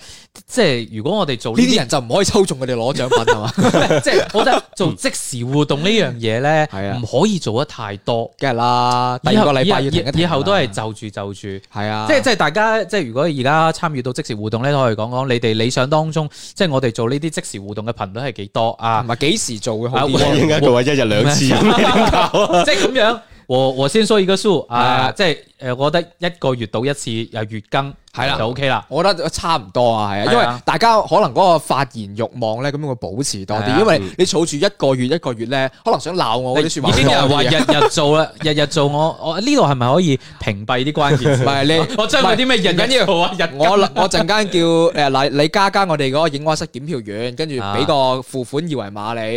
即係如果我哋做呢啲人就唔可以抽中佢哋攞獎品係嘛，即係我覺得做即時互動呢樣嘢咧，係唔可以做得太多梗係啦。等下個禮拜以後都係就住就住，係啊！即係即係大家即係如果而家參與到即時互動咧，都可以講講你哋理想當中，即係我哋做呢啲即時互動嘅頻率係幾多啊？唔係幾時做嘅？應該話一日兩次咁樣搞啊！即係咁樣。我我先說一個數啊，嗯、即係誒、呃，我覺得一個月賭一次又月更。係啦，就 OK 啦，我覺得差唔多啊，係，因為大家可能嗰個發言慾望咧，咁樣會保持多啲，因為你儲住一個月一個月咧，可能想鬧我嗰啲説話。已經有人話日日做啦，日日做，我我呢度係咪可以屏蔽啲關鍵字？唔係你，我真係嗰啲咩日緊要啊日。我我陣間叫誒嗱，你加加我哋嗰個映畫室檢票員，跟住俾個付款二維碼你，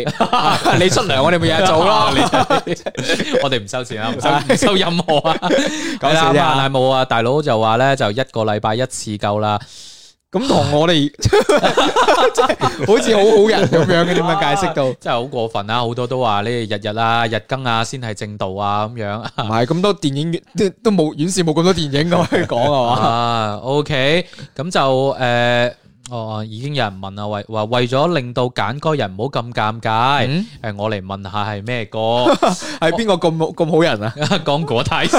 你出糧我哋咪日日做咯。我哋唔收錢啊，唔收唔收任何啊。講笑啦，萬代冇啊，大佬就話咧就一個禮拜。買一次夠啦，咁同、啊、我哋 (laughs) (laughs) 好似好好人咁樣嘅點樣解釋到？啊、真係好過分啦！好多都話你哋日日啊、日更啊，先係正道啊咁樣。唔係咁多電影都都冇，演視冇咁多電影咁去講係嘛？OK，咁就誒。呃哦，已經有人問啊，為話為咗令到揀歌人唔好咁尷尬，誒，我嚟問下係咩歌？係邊個咁好咁好人啊？講果太神，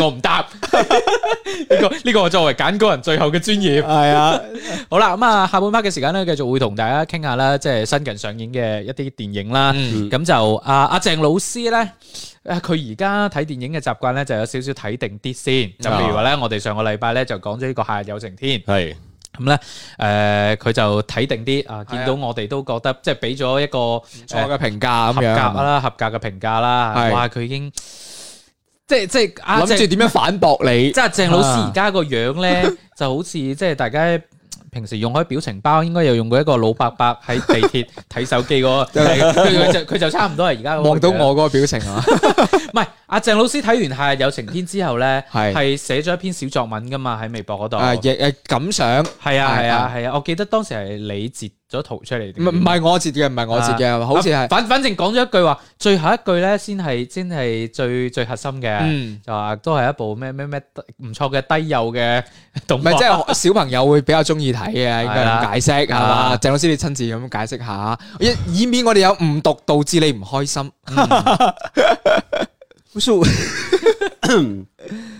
我唔答。呢個呢個我作為揀歌人最後嘅尊嚴。係啊，好啦，咁啊，下半 part 嘅時間咧，繼續會同大家傾下啦，即係新近上映嘅一啲電影啦。咁就阿阿鄭老師咧。誒，佢而家睇電影嘅習慣咧，就有少少睇定啲先。就譬如話咧，我哋上個禮拜咧就講咗呢個夏日友晴天，係咁咧，誒，佢就睇定啲啊，見到我哋都覺得即係俾咗一個唔錯嘅評價，合格啦，合格嘅評價啦。話，佢已經即係即係阿諗住點樣反駁你？即係鄭老師而家個樣咧，就好似即係大家。平時用開表情包，應該又用過一個老伯伯喺地鐵睇手機個，佢就佢就差唔多係而家望到我嗰個表情啊！唔係阿鄭老師睇完《夏日友晴天》之後咧，係寫咗一篇小作文噶嘛喺微博嗰度，係係、啊、感想，係 (laughs) 啊係啊係啊，啊！我記得當時係你捷。咗圖出嚟，唔唔係我截嘅，唔係我截嘅、啊、好似係，反反正講咗一句話，最後一句咧先係，先係最最核心嘅，嗯，就話都係一部咩咩咩唔錯嘅低幼嘅動畫，唔係即係小朋友會比較中意睇嘅。咁 (laughs) 解釋係嘛？鄭老師你親自咁解釋下，以、啊、以免我哋有誤讀導致你唔開心。嗯 (laughs) (laughs)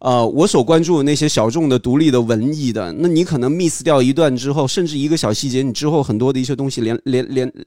呃，uh，我所關注的那些小眾的、獨立的、文藝的，那你可能 miss 掉一段之後，甚至一個小細節，你之後很多的一些東西連，連連連。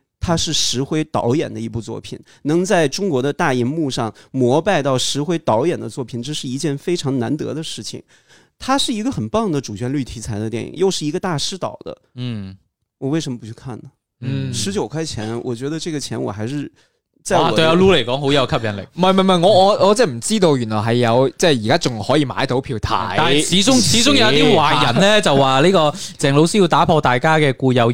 它是石灰導演的一部作品，能在中國的大銀幕上膜拜到石灰導演的作品，這是一件非常難得的事情。它是一個很棒的主旋律題材的電影，又是一個大師導的。嗯，我為什麼不去看呢？嗯，十九塊錢，我覺得這個錢我還是。啊，對阿 Lu 嚟講好有吸引力。唔係唔係唔係，我我我真係唔知道，原來係有即係，而家仲可以買到票睇。太但係始終始,始終有啲壞人咧， (laughs) 就話呢個鄭老師要打破大家嘅固有。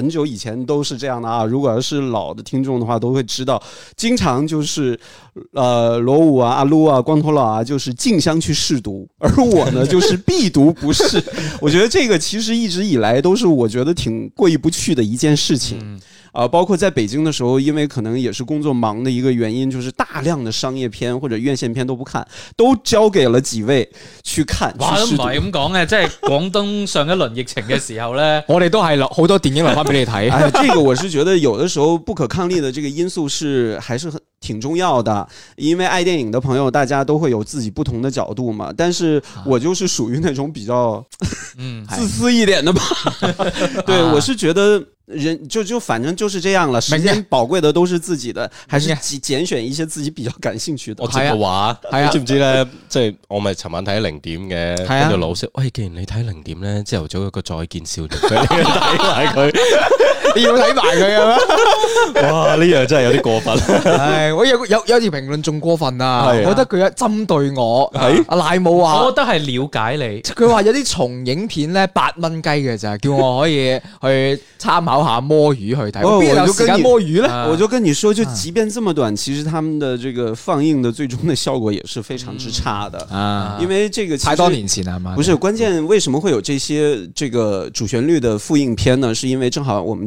很久以前都是這樣的啊，如果要是老的聽眾的話都會知道，經常就是。呃，羅五啊，阿 Lu 啊，光頭佬啊，就是競相去試毒，而我呢，就是必毒不試。 (laughs) 我覺得這個其實一直以來都是我覺得挺過意不去的一件事情、嗯、啊。包括在北京的時候，因為可能也是工作忙的一個原因，就是大量的商業片或者院線片都不看，都交給了幾位去看去試毒。哇，唔係咁講嘅， (laughs) 即係廣東上一輪疫情嘅時候咧， (laughs) 我哋都係咯，好多電影都留返俾你睇。哎，這個我是覺得有的時候不可抗力的這個因素是還是很挺重要的。因為愛電影的朋友，大家都會有自己不同的角度嘛。但是我就是屬於那種比較呵呵，嗯，自私一點的吧。 (laughs) 對，我是覺得人就就反正就是這樣了。時間寶貴的都是自己的，的還是揀揀選一些自己比較感興趣的。嗯、我話，係啊，你知唔知呢？ (laughs) 即係我咪尋晚睇零點嘅，跟住、啊、老師。喂，既然你睇零點呢，朝頭早有個再見少年，你睇睇佢。你要睇埋佢， (laughs) 啊？哇！呢樣真係有啲過分。係， (laughs) 我有有有條評論仲過分啊！我覺得佢有針對我。係是，阿賴冇話，我覺得係了解你。佢話有啲重影片咧，八蚊雞嘅就係叫我可以去參考下摸魚 (laughs) 摸魚去睇。我邊有時間摸魚咧？我就跟你說，就即便這麼短，啊、其實他們嘅個放映嘅最終嘅效果也是非常之差的，嗯、啊。因為呢個太多年前啊嘛。唔係關鍵，為什麼會有這些這個主旋律的復映片呢？是因為正好我們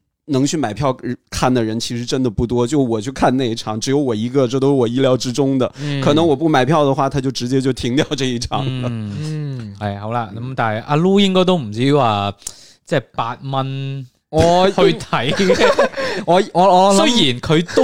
能去買票看的人其實真的不多，就我去看那一場，只有我一個，這都是我意料之中的。嗯、可能我不買票的話，他就直接就停掉這一場嗯。嗯，係好啦，咁、嗯嗯、但係阿 Lu 應該都唔至於話，即係八蚊我都去睇。我我我雖然佢都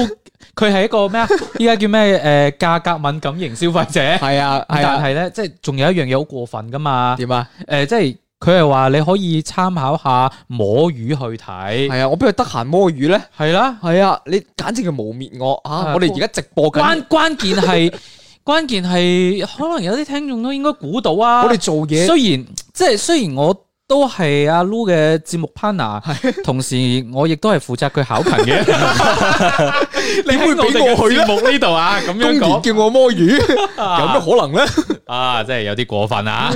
佢係 (laughs) 一個咩啊？依家叫咩？誒、呃，價格敏感型消費者係 (laughs) 啊，啊但係咧，即係仲有一樣嘢好過分噶嘛？點啊？誒、呃，即、呃、係。就是佢係話你可以參考下摸魚去睇，係啊，我不如得閒摸魚咧？係啦，係啊，你簡直係污蔑我啊！我哋而家直播嘅，關關鍵係關鍵係，可能有啲聽眾都應該估到啊！我哋做嘢，雖然即係雖然我都係阿 Lu 嘅節目 partner，同時我亦都係負責佢考勤嘅。你會俾我去節目呢度啊？咁樣講叫我摸魚，有咩可能咧？啊，真係有啲過分啊！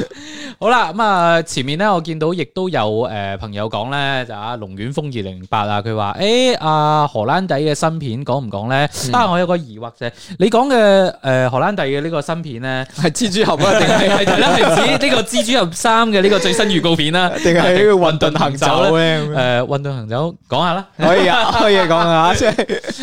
好啦，咁啊，前面咧，我見到亦都有誒朋友講咧，就阿龍捲風二零零八啊，佢話誒阿荷蘭弟嘅新片講唔講咧？當然我有個疑惑就係，你講嘅誒荷蘭弟嘅呢個新片咧，係蜘蛛俠定係咧係指呢個蜘蛛俠三嘅呢個最新預告片啦，定係 (laughs) 《混、嗯、沌行走》咧？誒，《混沌行走》講下啦，可以啊，可以講下，即係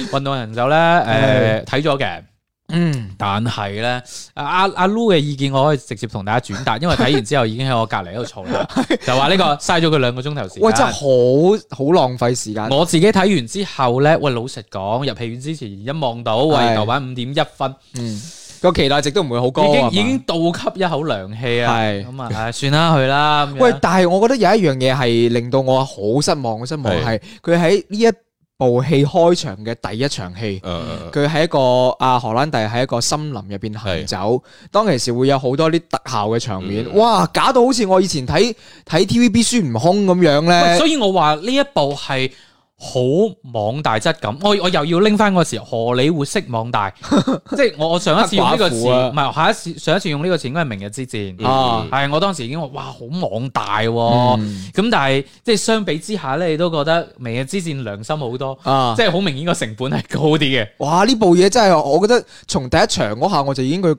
《混沌行走》咧、呃？誒、 (laughs) 嗯，睇咗嘅。嗯，但係咧，阿阿 Lu 嘅意見我可以直接同大家轉達，因為睇完之後已經喺我隔籬度嘈啦， (laughs) 就話呢個嘥咗佢兩個鐘頭時間，真係好好浪費時間。我自己睇完之後咧，喂，老實講，入戲院之前一望到，喂，豆瓣五點一分，個、嗯嗯、期待值都唔會好高，已經已經倒吸一口涼氣啊，咁啊是，算啦去啦。喂，嗯、但係我覺得有一樣嘢係令到我好失望嘅失望係，佢喺呢一部戲開場嘅第一場戲，佢喺、uh, 一個阿、啊、荷蘭弟喺一個森林入邊行走，的當其時會有好多啲特效嘅場面，嗯、哇，假到好似我以前睇睇 TVB 孫悟空咁樣呢。所以我話呢一部係。好網大質感，我我又要拎翻嗰詞荷里活式網大， (laughs) 即係我我上一次用呢個詞，唔係 (laughs) 乖乖 下一次上一次用呢個詞，應該係明日之戰，係、啊、我當時已經話哇好網大、啊，咁、嗯、但係即係相比之下咧，你都覺得明日之戰良心好多，啊、即係好明顯個成本係高啲嘅。哇！呢部嘢真係，我覺得從第一場嗰下我就已經佢。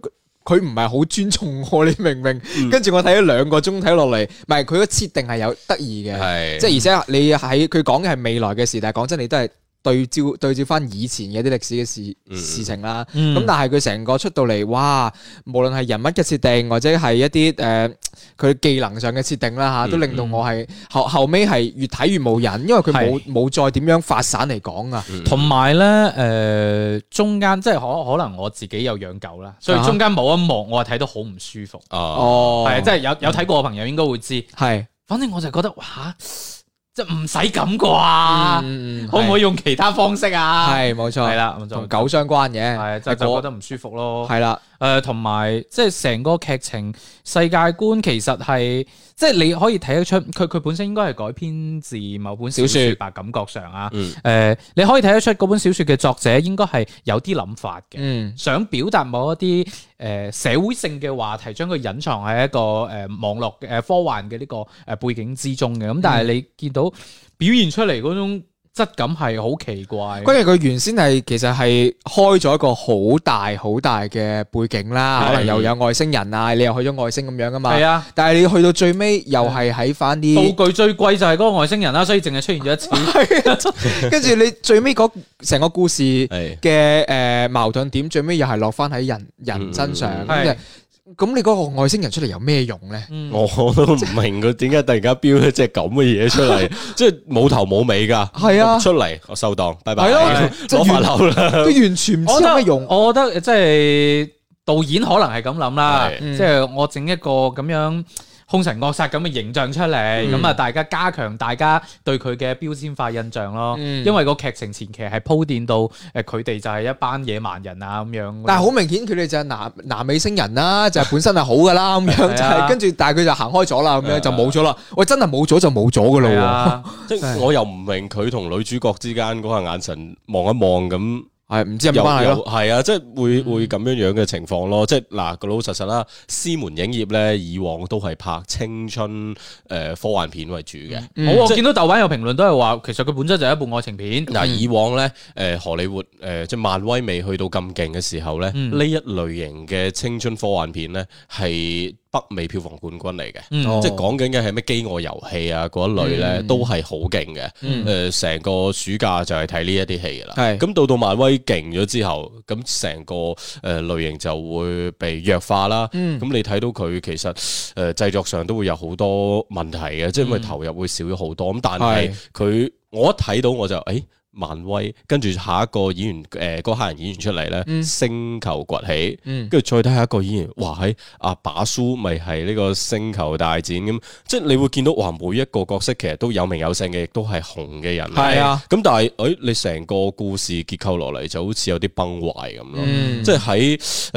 佢唔係好尊重我，你明唔明？嗯、跟住我睇咗兩個鐘睇落嚟，唔係佢個設定係有得意嘅，即係是而且你喺佢講嘅係未來嘅事，但係講真你都係，對照對照翻以前嘅啲歷史嘅事事情啦，咁、嗯、但係佢成個出到嚟，哇！無論係人物嘅設定或者係一啲誒，佢、呃、技能上嘅設定啦吓，啊嗯、都令到我係後後尾係越睇越冇癮，因為佢冇冇再點樣發散嚟講啊。同埋咧，誒、呃，中間即係可可能我自己有養狗啦，所以中間某一幕我係睇得好唔舒服、啊、的哦，係即係有有睇過嘅朋友應該會知，係，反正我就覺得哇！啊唔使咁啩，不嗯嗯、可唔可以用其他方式啊？係冇錯，係啦，同狗相關嘅，就就是、覺得唔舒服咯，誒，同埋，呃，即係成個劇情世界觀，其實係即係你可以睇得出，佢佢本身應該係改編自某本小說，白小說 感覺上啊。誒，嗯呃，你可以睇得出嗰本小說嘅作者應該係有啲諗法嘅，嗯，想表達某一啲誒，呃，社會性嘅話題，將佢隱藏喺一個誒，呃，網絡誒，呃，科幻嘅呢個誒背景之中嘅。咁但係你見到表現出嚟嗰種。嗯嗯質感係好奇怪，跟住佢原先係其實係開咗一個好大好大嘅背景啦，的可能又有外星人啊，你又去咗外星咁樣噶嘛？係啊的，但係你去到最尾又係喺翻啲道具最貴就係嗰個外星人啦，所以淨係出現咗一次。係啊，跟住的 (laughs) 你最尾嗰成個故事嘅誒矛盾點，最尾又係落翻喺人人身上。嗯咁你嗰個外星人出嚟有咩用咧、嗯啊？我都唔明佢點解突然間飆一隻咁嘅嘢出嚟，即係冇頭冇尾噶。係啊，出嚟我收檔，拜拜。係咯、啊，完流啦，都完全唔知咩用。我覺得即係、就是、導演可能係咁諗啦，即係、嗯、我整一個咁樣。凶神惡煞咁嘅形象出嚟，咁啊、嗯、大家加強大家對佢嘅標籤化印象咯。嗯、因為個劇情前期係鋪墊到誒，佢哋就係一班野蠻人啊咁樣。但係好明顯佢哋就係南南美星人啦，就係、是、本身係好噶啦咁樣，就係跟住，啊、但係佢就行開咗啦，咁樣就冇咗啦。喂，真係冇咗就冇咗噶啦喎！即、啊、 (laughs) 我又唔明佢同女主角之間嗰個眼神望一望咁。係唔知有冇關係係啊，即係會會咁樣樣嘅情況咯。即係嗱，老老實實啦，獅門影業咧以往都係拍青春誒科幻片為主嘅。我見到豆瓣有評論都係話，其實佢本身就係一部愛情片。嗱，以往咧誒，荷里活誒，即係漫威未去到咁勁嘅時候咧，呢一類型嘅青春科幻片咧係。北美票房冠軍嚟嘅，嗯哦、即係講緊嘅係咩飢餓遊戲啊嗰一類咧，嗯、都係好勁嘅。誒、嗯，成、呃、個暑假就係睇呢一啲戲啦。咁是到到漫威勁咗之後，咁成個誒類型就會被弱化啦。咁、嗯、你睇到佢其實誒製、呃、作上都會有好多問題嘅，即係、嗯、因為投入會少咗好多。咁但係佢是我一睇到我就誒。漫威，跟住下一個演員誒，嗰、呃、黑人演員出嚟咧，嗯、星球崛起，跟住、嗯、再睇下一個演員，哇喺阿、哎啊、把蘇咪係呢個星球大戰咁，即係你會見到哇，每一個角色其實都有名有姓嘅，亦都係紅嘅人，係啊、嗯。咁但係誒、哎，你成個故事結構落嚟就好似有啲崩壞咁咯，嗯、即係喺誒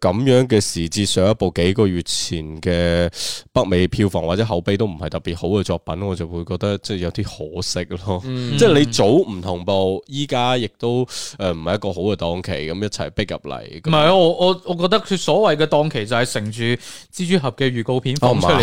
咁樣嘅時節，上一部幾個月前嘅北美票房或者口碑都唔係特別好嘅作品，我就會覺得即係有啲可惜咯。嗯嗯、即係你早唔。同步依家亦都誒唔係一個好嘅檔期，咁一齊逼入嚟。唔係，我我我覺得佢所謂嘅檔期就係乘住蜘蛛俠嘅預告片出嚟冇咁順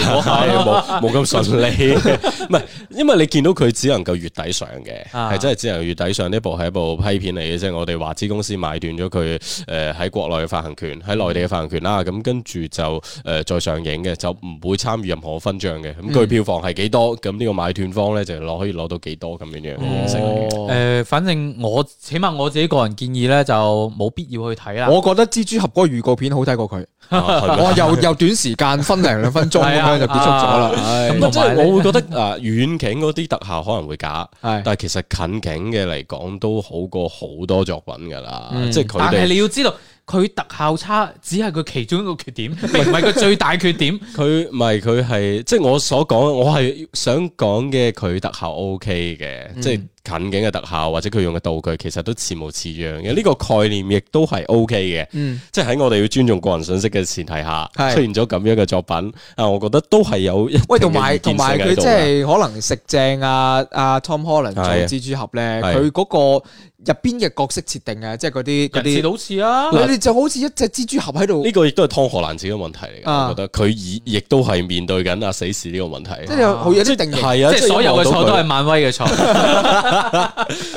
利。唔係，因為你見到佢只能夠月底上嘅。係、啊、真係只能月底上呢部係一部批片嚟嘅啫。我哋華資公司買斷咗佢誒喺國內嘅發行權，喺內地嘅發行權啦。咁、啊、跟住就誒、呃、再上映嘅，就唔會參與任何分賬嘅。咁佢票房係幾多，咁呢、嗯、個買斷方咧就攞可以攞到幾多咁樣樣。哦。哦誒，反正我起碼我自己個人建議咧，就冇必要去睇啦。我覺得蜘蛛俠嗰個預告片好睇過佢，我又又短時間分零兩分鐘咁樣就結束咗啦。咁即係我會覺得誒，遠景嗰啲特效可能會假，但係其實近景嘅嚟講都好過好多作品噶啦。即係佢，但係你要知道，佢特效差只係佢其中一個缺點，唔係佢最大缺點。佢唔係佢係，即係我所講，我係想講嘅，佢特效 OK 嘅，即係。近景嘅特效或者佢用嘅道具，其實都似模似樣嘅。呢個概念亦都係 O K 嘅，即係喺我哋要尊重個人信息嘅前提下，出現咗咁樣嘅作品，啊，我覺得都係有喂，同埋同埋佢即係可能食正啊啊 Tom Holland 做蜘蛛俠咧，佢嗰個入邊嘅角色設定啊，即係嗰啲人似啊，你哋就好似一隻蜘蛛俠喺度。呢個亦都係湯河蘭自己嘅問題嚟嘅，我覺得佢亦都係面對緊阿死侍呢個問題，即係有好有定型，即係所有嘅錯都係漫威嘅錯。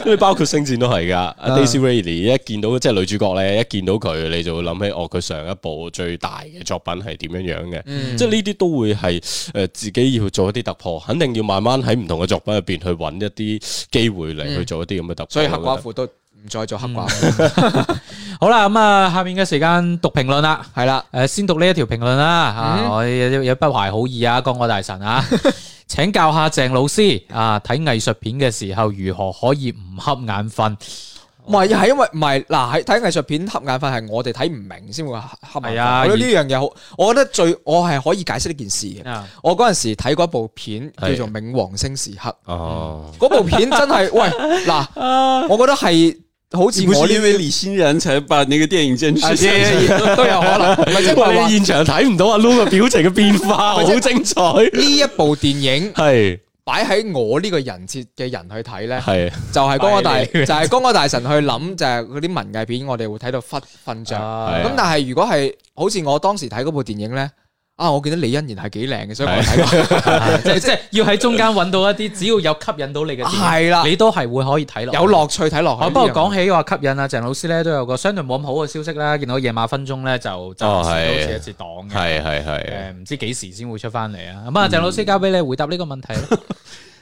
因 (laughs) 你包括星戰都係噶，嗯、Daisy Ridley 一見到即係、就是、女主角咧，一見到佢你就會諗起哦，佢上一部最大嘅作品係點樣樣嘅，嗯、即係呢啲都會係誒自己要做一啲突破，肯定要慢慢喺唔同嘅作品入邊去揾一啲機會嚟去做一啲咁嘅突破。嗯、所以黑寡婦都唔再做黑寡婦。好啦，咁啊，下面嘅時間讀評論啦，係啦了，誒、呃，先讀呢一條評論啦，嗯、我有不懷好意啊，江哥大神啊。 (laughs) 請教下鄭老師啊，睇藝術片嘅時候如何可以唔瞌眼瞓？唔係哇，係因為唔係嗱，喺睇藝術片瞌眼瞓係我哋睇唔明先會瞌眼瞓。啊，呢樣嘢好，我覺得最我係可以解釋呢件事嘅。啊、我嗰陣時睇過一部片叫做《冥王星時刻》哦，嗰部片真係喂嗱，啊啊、我覺得係。好似我、這個、因為李欣然，才把那個電影先出。 (laughs) 都有可能，唔係因為現場睇唔到阿 Lu 個表情嘅變化， (laughs) 好精彩。呢 (laughs) 一部電影係擺喺我呢個人設嘅人去睇呢，是就係光哥大， (laughs) 就係光哥大神去諗，就係嗰啲文藝片我們，我哋會睇到瞓瞓着。咁、啊、但係如果係好似我當時睇嗰部電影呢。啊！我記得李欣然係幾靚嘅，所以我睇過。的 (laughs) 即即要喺中間揾到一啲，只要有吸引到你嘅點，係啦的，你都係會可以睇落，有樂趣睇落去。好、啊，不過講起話吸引啊，鄭老師咧都有個相對冇咁好嘅消息啦。見到夜晚分鐘咧就暫時都似一次擋嘅，係係係。唔知幾時先會出翻嚟啊？咁啊，鄭老師交俾你回答呢個問題。嗯 (laughs)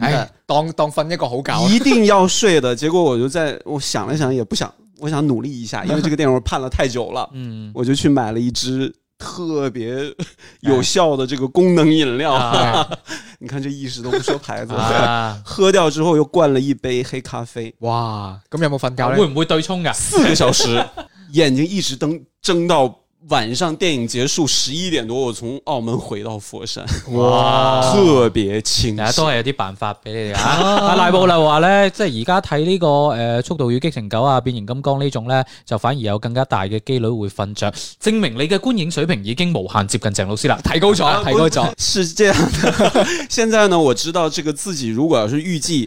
哎，當當瞓一個好覺，一定要睡的。結果我就在我想了想，也不想，我想努力一下，因為這個電影盼了太久了。嗯，我就去買了一支特別有效的這個功能飲料。你看這意識都不說牌子，啊哈哈，喝掉之後又灌了一杯黑咖啡。哇，咁有冇瞓覺？會唔會對沖噶？四個小時，眼睛一直瞪睜到。晚上電影結束十一點多，我從澳門回到佛山，哇，特別清醒，大家都還有啲辦法俾你啊！啊，賴布啦話咧，即係而家睇呢個誒、呃《速度與激情九》啊，《變形金剛》呢種咧，就反而有更加大嘅機率會瞓着，證明你嘅觀影水平已經無限接近鄭老師啦，提高咗，吧提高咗，是這樣。 (laughs) 現在呢，我知道這個自己如果要是預計。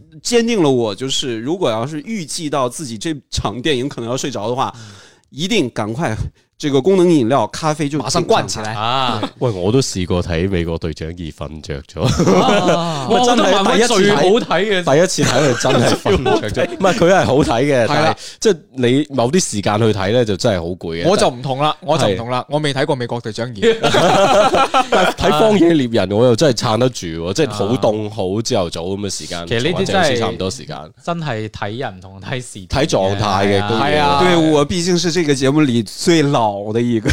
堅定了我，就是如果要是預計到自己這場電影可能要睡着的話，一定趕快。借個功能飲料咖啡就馬上灌起嚟。啊，喂！我都試過睇美國隊長二瞓着咗。我真係第一次最好睇嘅，第一次睇佢真係瞓唔著。唔係佢係好睇嘅，係啦，即係你某啲時間去睇咧，就真係好攰嘅。我就唔同啦，我就唔同啦，我未睇過美國隊長二。但係睇荒野獵人我又真係撐得住喎，即係好凍好朝頭早咁嘅時間。其實呢啲真係差唔多時間。真係睇人同睇時睇狀態嘅。係啊，對我，畢竟是這個節目裏最老。我的意嘅，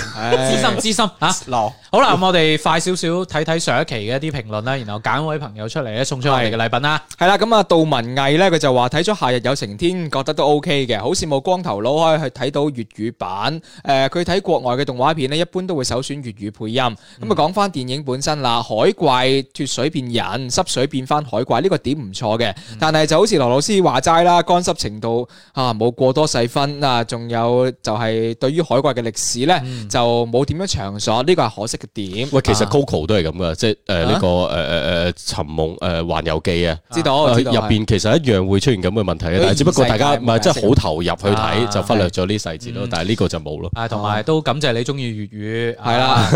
知心知心啊！哦、好啦，咁我哋快少少睇睇上一期嘅一啲評論啦，然後揀位朋友出嚟咧，送出我哋嘅禮品啦。係啦，咁啊杜文毅咧，佢就話睇咗《夏日友晴天》，覺得都 OK 嘅，好羨慕光頭佬可以去睇到粵語版。誒、呃，佢睇國外嘅動畫片咧，一般都會首選粵語配音。咁啊、嗯，講翻電影本身啦，海怪脫水變人，濕水變翻海怪，呢、這個點唔錯嘅。但係就好似羅老師話齋啦，乾濕程度啊，冇過多細分啊。仲有就係對於海怪嘅歷史。市咧就冇點樣場所，呢個係可惜嘅點。喂，其實《Coco》都係咁噶，即係誒呢個誒誒誒《尋夢誒環遊記》啊，知道？入邊其實一樣會出現咁嘅問題，但係只不過大家唔係真係好投入去睇，就忽略咗呢細節咯。但係呢個就冇咯。同埋都感謝你中意粵語係啦，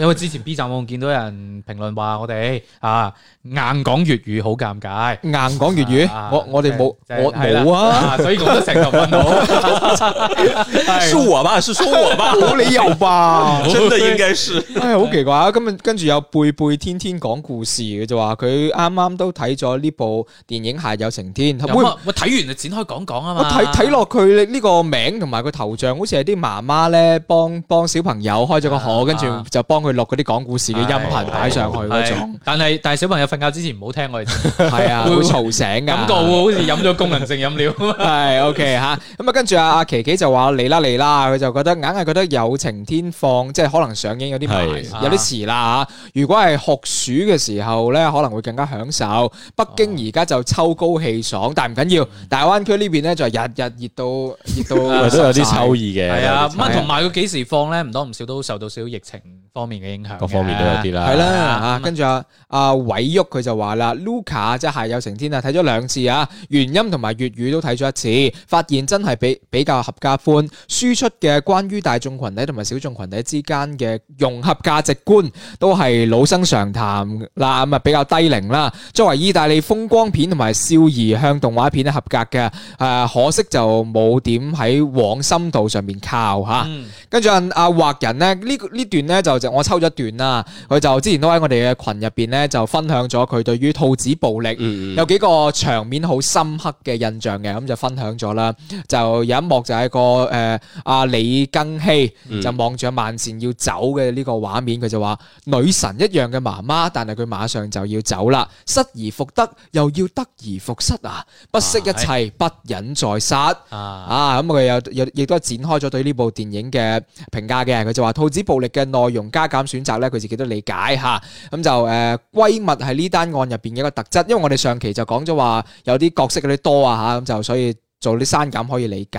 因為之前 B 站我見到人評論話我哋啊硬講粵語好尷尬，硬講粵語，我我哋冇我冇啊，所以我都成日問到，是我吧？是說我吧？冇理由吧，真係應該是，誒、哎，好奇怪啊！咁啊，跟住有貝貝天天講故事嘅就話佢啱啱都睇咗呢部電影《下有晴天》夏日友晴天，咁睇又會完就展開講講啊嘛，睇睇落佢呢個名同埋個頭像，好似係啲媽媽咧幫幫小朋友開咗個可，啊、跟住就幫佢錄嗰啲講故事嘅音頻擺上去嗰種。哎哎哎、但係但係小朋友瞓覺之前唔好聽佢，係 (laughs) 啊，會，會吵醒，感覺好似飲咗功能性飲料。 (laughs) (laughs) 係，OK 吓，咁啊，跟住阿、啊、琪琪就話嚟啦嚟啦，佢就覺得硬係覺得友晴天放，即係可能上映有啲慢，的有啲遲啦嚇。啊、如果係酷暑嘅時候咧，可能會更加享受。北京而家就秋高氣爽，啊、但係唔緊要緊。大灣區呢邊咧就日日熱到熱到，熱都 (laughs) 有啲秋意嘅。係啊的，咁同埋佢幾時放咧？唔多唔少都受到少少疫情方面嘅影響，各方面都有啲啦。係啦，跟住啊，阿偉旭佢就話啦，Luca 即係友晴天啊，睇、啊、咗兩次啊，原音同埋粵語都睇咗一次，發現真係比比較合家歡。輸出嘅關於大眾群體同埋小眾群體之間嘅融合價值觀都係老生常談啦，咁、呃、啊，比較低齡啦。作為意大利風光片同埋少兒向動畫片係合格嘅，誒、呃、可惜就冇點喺往深度上面靠吓。跟住阿畫人咧呢段呢段咧就就我抽咗一段啦，佢就之前都喺我哋嘅群入邊咧就分享咗佢對於兔子暴力、嗯、有幾個場面好深刻嘅印象嘅，咁就分享咗啦。就有一幕就係一個誒阿、呃啊、李更希。嗯、就望住萬茜要走嘅呢個畫面，佢就話女神一樣嘅媽媽，但係佢馬上就要走啦，失而復得，又要得而復失啊！不惜一切，啊、不忍再殺啊！咁佢又又亦都展開咗對呢部電影嘅評價嘅，佢就話兔子暴力嘅內容加減選擇咧，佢自己都理解吓。咁就誒閨蜜喺呢單案入邊嘅一個特質，因為我哋上期就講咗話有啲角色有啲多啊吓，咁就所以。做啲刪減可以理解，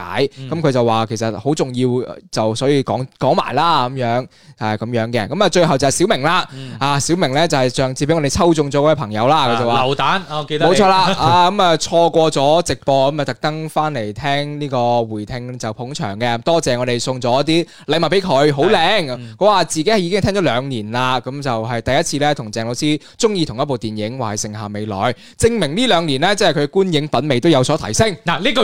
咁佢就話其實好重要，就所以講講埋啦咁樣係咁樣嘅。咁啊最後就係小明啦，嗯、啊小明咧就係上次俾我哋抽中咗嗰位朋友啦，佢、嗯、就話流蛋，啊、哦、記得冇錯啦， (laughs) 啊咁啊錯過咗直播，咁啊特登翻嚟聽呢個回聽就捧場嘅，多謝我哋送咗啲禮物俾佢，好靚，佢話、嗯、自己已經聽咗兩年啦，咁就係第一次咧同鄭老師中意同一部電影，話係《盛夏未來》，證明呢兩年呢，即係佢觀影品味都有所提升，嗱呢個。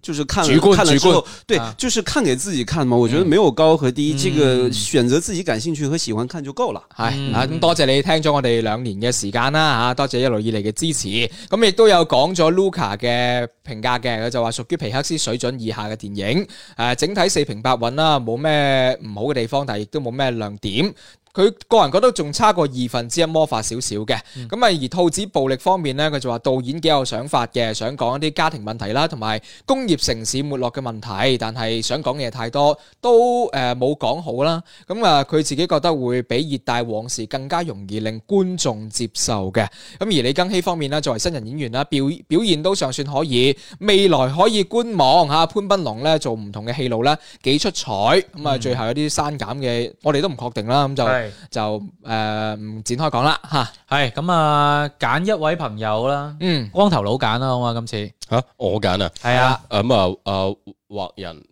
就是看了看了之後，公對，啊、就是看給自己看嘛。嗯、我覺得沒有高和低，這個選擇自己感興趣和喜歡看就夠了。係、嗯，多謝你聽咗我哋兩年嘅時間啦，吓，多謝一路以嚟嘅支持。咁亦都有講咗 Luca 嘅評價嘅，就話屬於皮克斯水準以下嘅電影。誒、呃，整體四平八穩啦，冇咩唔好嘅地方，但係亦都冇咩亮點。佢個人覺得仲差過二分之一魔法少少嘅，咁啊而兔子暴力方面咧，佢就話導演幾有想法嘅，想講一啲家庭問題啦，同埋工業城市沒落嘅問題，但係想講嘅嘢太多，都誒冇講好啦。咁啊，佢自己覺得會比熱帶往事更加容易令觀眾接受嘅。咁而李庚希方面咧，作為新人演員啦，表表現都尚算可以，未來可以觀望嚇，潘斌龍咧，做唔同嘅戲路咧，幾出彩。咁啊最後有啲刪減嘅，我哋都唔確定啦。咁就。就誒、呃，展開講啦吓，係咁啊，揀、嗯、一位朋友啦，嗯，光頭佬揀啦，好嘛，今次吓，我揀啊，係、嗯嗯嗯、啊，咁啊，誒畫人。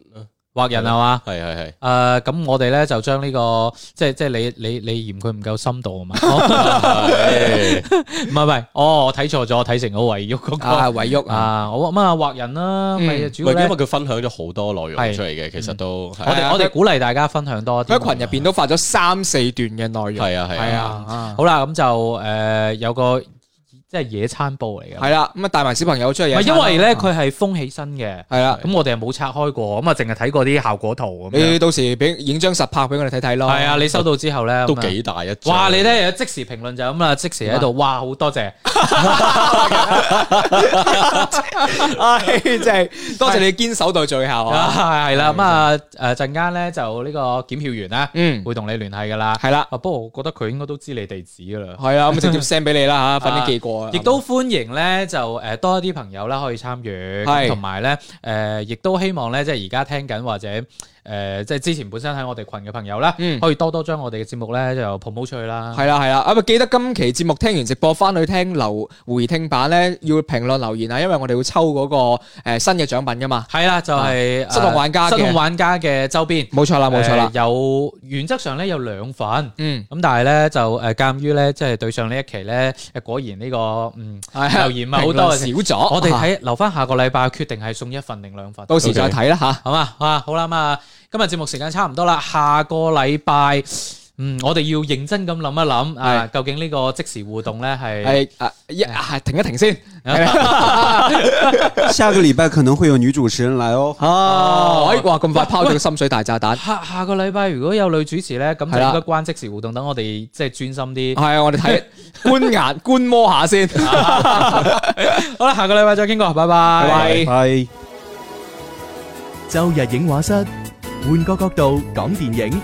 畫人係嘛？係係係，誒咁我哋咧就將呢個即係即係你你你嫌佢唔夠深度啊嘛，唔係唔係，哦我睇錯咗，睇成好衛浴嗰個，啊衛浴啊，我乜畫人啦，咪主因為佢分享咗好多內容出嚟嘅，其實都，我我哋鼓勵大家分享多啲，喺群入邊都發咗三四段嘅內容，係啊係啊，好啦咁就誒有個。即係野餐布嚟嘅，係啦，咁啊帶埋小朋友出去，因為咧佢係封起身嘅，係啦，咁我哋係冇拆開過，咁啊淨係睇過啲效果圖咁。你到時俾影張實拍俾我哋睇睇咯，係啊，你收到之後咧都幾大一張，哇！你咧即時評論就咁啦，即時喺度，哇！好多謝，即係多謝你堅守到最後啊，係啦，咁啊誒陣間咧就呢個檢票員啊，嗯，會同你聯繫噶啦，係啦，不過我覺得佢應該都知你地址噶啦，係啊，咁直接 send 俾你啦吓，快啲寄過。亦都歡迎咧，就誒多一啲朋友啦，可以參與，同埋咧誒，亦、呃、都希望咧，即係而家聽緊或者，誒、呃、即係之前本身喺我哋群嘅朋友啦，嗯、可以多多將我哋嘅節目咧就 promote 出去啦。係啦係啦，啊咪記得今期節目聽完直播翻去聽留回聽版咧，要評論留言啊，因為我哋會抽嗰、那個、呃、新嘅獎品㗎嘛。係啦，就係、是啊、失控玩家，啊、玩家嘅周邊。冇錯啦，冇錯啦、呃，有原則上咧有兩份，嗯，咁、嗯、但係咧就誒，鑑於咧即係對上呢一期咧，果然呢、這個嗯留言、哎、呀啊好多少咗，我哋睇留翻下個禮拜決定係送一份定兩份，到時再睇啦嚇，好嘛，好啊，好啦咁啊。今日節目時間差唔多啦，下個禮拜，嗯，我哋要認真咁諗一諗啊，究竟呢個即時互動咧係係啊一停一停先。下個禮拜可能會有女主持人嚟哦。哦，哇，咁快拋咗個深水大炸彈。下個禮拜如果有女主持咧，咁就應該關即時互動，等我哋即係專心啲。係啊，我哋睇觀顏觀摩下先。好啦，下個禮拜再傾過，拜拜。拜拜。周日映畫室，換個角度講電影。